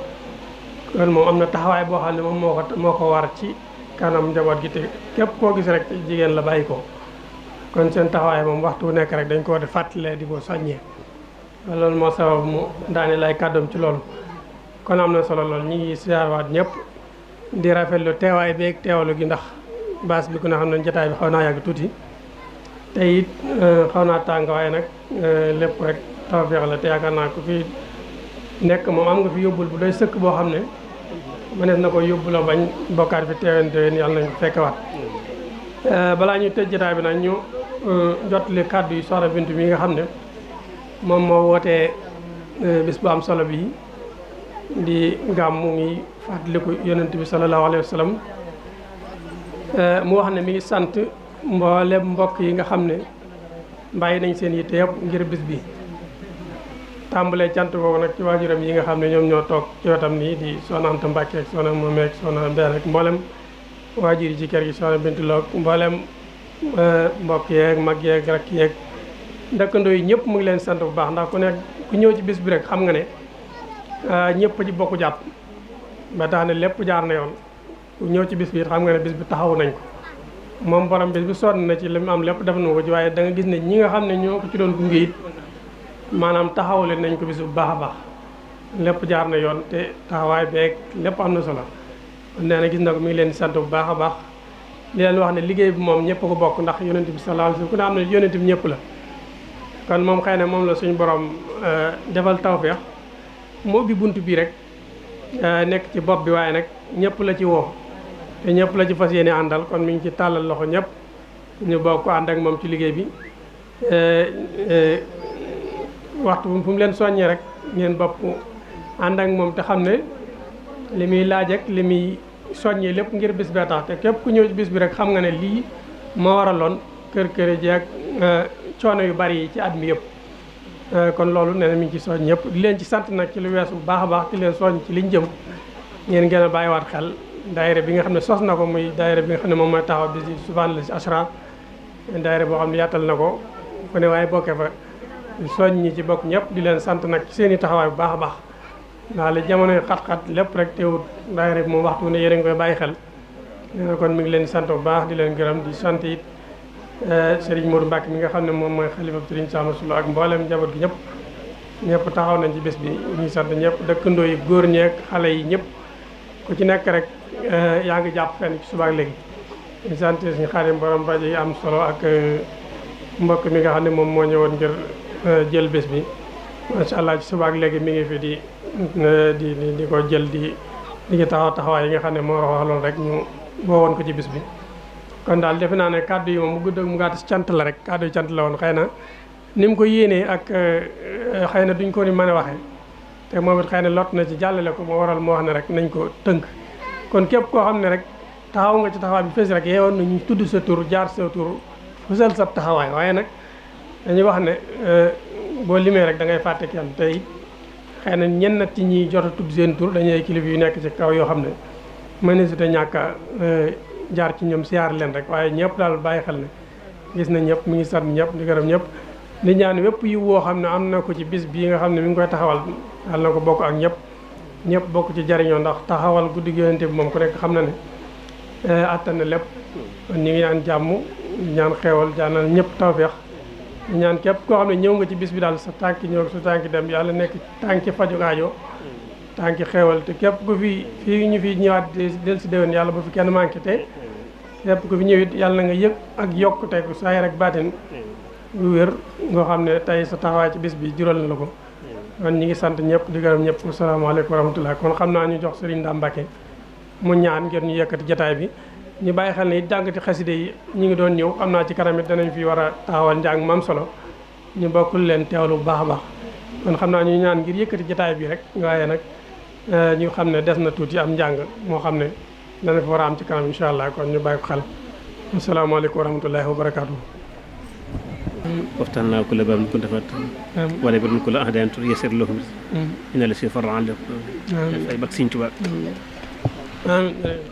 kon moom am na taxawaay boo xam ne moom moo ko moo ko war ci kanam njaboot gi te képp koo gis rek jigéen la bàyyi ko kon seen taxawaay moom waxtu wu nekk rek dañ ko war di fàttalee di ko soññee loolu moo sabab mu daane lay kàddoom ci loolu kon am na solo lool ñu ngi siyaarwaat ñëpp di rafetlu teewaay beeg teewalu gi ndax baas bi ku ne xam ne jotaay bi xaw naa yàgg tuuti tey it euh, xaw naa tàng waaye nag euh, lépp rek tawfeex la te yaakaar naa ko fi nekk moom am nga fi yóbbul bu doy sëkk boo xam ne mënees na ko yóbbu la bañ bokkaat fi teewen teewen yàlla fekke fekkewaat euh, balaa ñu tëj jotaay bi nag ñu euh, jottali kàddu yi soxna Bintu mi nga xam ne moom moo wootee euh, bis bu am solo bii di gàmmu ngi fàttaliku yonent bi sallallahu alayhi wa sallam mu wax ne mi ngi sant mboolem mbokk yi nga xam ne bàyyi nañ seen te yëpp ngir bis bi tàmbalee cant boobu nag ci waajuram yi nga xam ne ñoom ñoo toog ci wetam nii di soxna Anta Mbàkke ak soxna Moome ak soxna Mbeen ak mboolem waajur yi ci kër gi soxna Bintu Lo ak mboolem euh, mbokk yeeg mag yeeg rakk yeeg dëkkandoo yi ñëpp mu ngi leen sant bu baax ndax ku nekk ñëw ci bis bi rek xam nga ne euh, ñëpp ci bokku jàpp ba lépp jaar na yoon ku ci bis bi xam nga ne bis bi taxaw nañ ko moom borom bis bi na ci li mu am lépp def ko ci waaye da gis ne ñi nga xam ne ñoo ko ci doon gunge it maanaam leen nañ ko bis bu baax a baax lépp jaar na yoon te taxawaay beeg lépp am na solo nee na gis na ko ngi leen sant bu baax a baax di leen wax ne liggéey bi moom ñëpp ko bokk ndax yonent bi sallallahu alayhi wasallam ku ne xam ne yonent bi ñëpp la kon moom xëy na moom la suñu borom eh, defal tawfeex mu ubbi bunt bii rek eh, nekk ci bopp bi waaye nag ñëpp la ci woo te ñëpp la ci fas yéene àndal kon mi ngi ci tàllal loxo ñëpp ñu bokk ànd ak moom ci liggéey bi eh, waxtu fu mu leen soññee rek ngeen bopp ànd ak moom te xam ne li muy laaj li muy soññee lépp ngir bis bee tax te képp ku ñëw ci bis bi rek xam nga ne lii moo waraloon kër kër ji ak euh, coono yu bari yi ci at mi yëpp. Euh, kon loolu nee na mi ngi ci soññ yëpp di leen ci sant nag ci lu weesu bu baax baax di leen soññ ci liñ jëm ngeen gën a bàyyiwaat xel daayira bi nga xam ne sos na ko muy daayira bi nga xam ne moom mooy taxaw bis yi subhaana la si asra daayira boo xam ne na ko waaye bokke soññi ci bokk ñëpp di leen sant nag seeni taxawaay bu baax a baax ndax li jamonoy xat-xat lépp rek teewut daay rek moom waxtu ne yéen a koy bàyyi xel nee kon mi ngi leen sant bu baax di leen gërëm di sant it eh, Serigne Modou Mbacke mi nga xam ne moom mooy xalifa Serigne Sama Sulo ak mboolem njaboot gi ñëpp ñëpp taxaw nañ ci bés bi ñuy sant ñëpp dëkkandoo yi góor ñeeg xale yi ñëpp ku ci nekk rek eh, yaa ngi jàpp fenn ci subaak léegi sant suñu xarim borom yi am solo ak eh, mbokk mi nga xam ne moom moo ñëwoon ngir jël bés bi macha allah ci subaak léegi mi ngi fi di di ko jël di di ci taxawaay yi nga xam ne moo wax waxaloon rek ñu woowoon ko ci bis bi. kon daal defe naa ne kàddu yi moom mu gudd mu gàtt cant la rek kàddu yi cant la woon xay na ni mu ko yéenee ak eh, xëy na duñ ko ni mën a waxee te moom it xëy na lot na ci jàllale ko moo waral moo wax ne rek nañ ko tënk kon képp koo xam ne rek taxaw nga ci taxawaay bi fees rek yeewoon nañu tudd sa tur jaar sa tur fësal sa taxawaay waaye nag. dañuy wax ne euh, boo limee rek da ngay fàtte kenn tey xëy na ñenn ci ñi jot a seen tur dañuy ay kilifa yu nekk ci kaw yoo xam ne mëneesute ñàkk a euh, jaar ci ñoom siyaar leen rek waaye ñëpp daal bàyyi xel ne gis na ñëpp mi ngi sant ñëpp di gërëm ñëpp. di ñaan wépp yi woo xam ne am na ko ci bis bii nga xam ne mi ngi koy taxawal daal na ko bokk ak ñëpp ñëpp bokk ci jariñoo ndax taxawal guddi Yonent bi moom ku nekk xam na ne euh, attan na lépp ñu ngi ñaan jàmm ñaan xeewal jaanal ñëpp tawfeex ñaan képp koo xam ne ñëw nga ci bis bi daal sa tànki ñëw sa tànki dem yàlla nekk tànki faju aajo tànki xewal te képp ku fi fii ñu fi ñëwaat del si déwén yàlla bu fi kenn manqué te képp ku fi ñëw yàlla nga yëg ak yokkute ku saay rek baatin yu wér ngoo xam ne tey sa taxawaay ci bis bi jural na la ko kon ñi ngi sant ñëpp di gërëm ñëpp asalaamaaleykum wa rahmatullah kon xam naa ñu jox Serigne Ndam Mbacké mu ñaan ngeen ñu yëkkati jataay bi ñu bàyyi xel ne it jàngati xaside yi ñu ngi doon ñëw xam naa ci kanamit it danañ fi war a taxawal njàng mam solo ñu bokkul leen teewlu bu baax a baax kon xam naa ñu ñaan ngir yëkkati jataay bii rek waaye nag euh, ñu xam ne des na tuuti am njàng moo xam ne dana fi war a am ci kanam incha allah kon ñu bàyyi ko xel asalaamaaleykum wa rahmatullahi wa barakaatu. waxtaan naa ko la baam ko defaat. ko la ah daan tur yeeseer loo si faral di ay bak Sëriñ Tuubaa.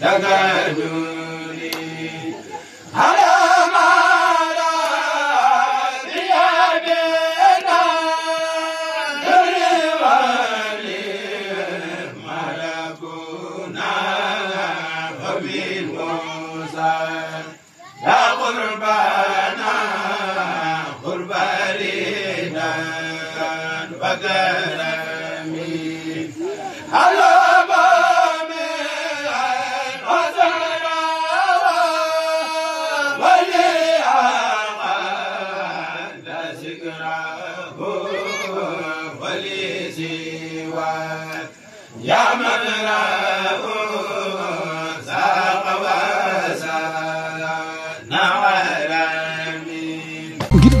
daga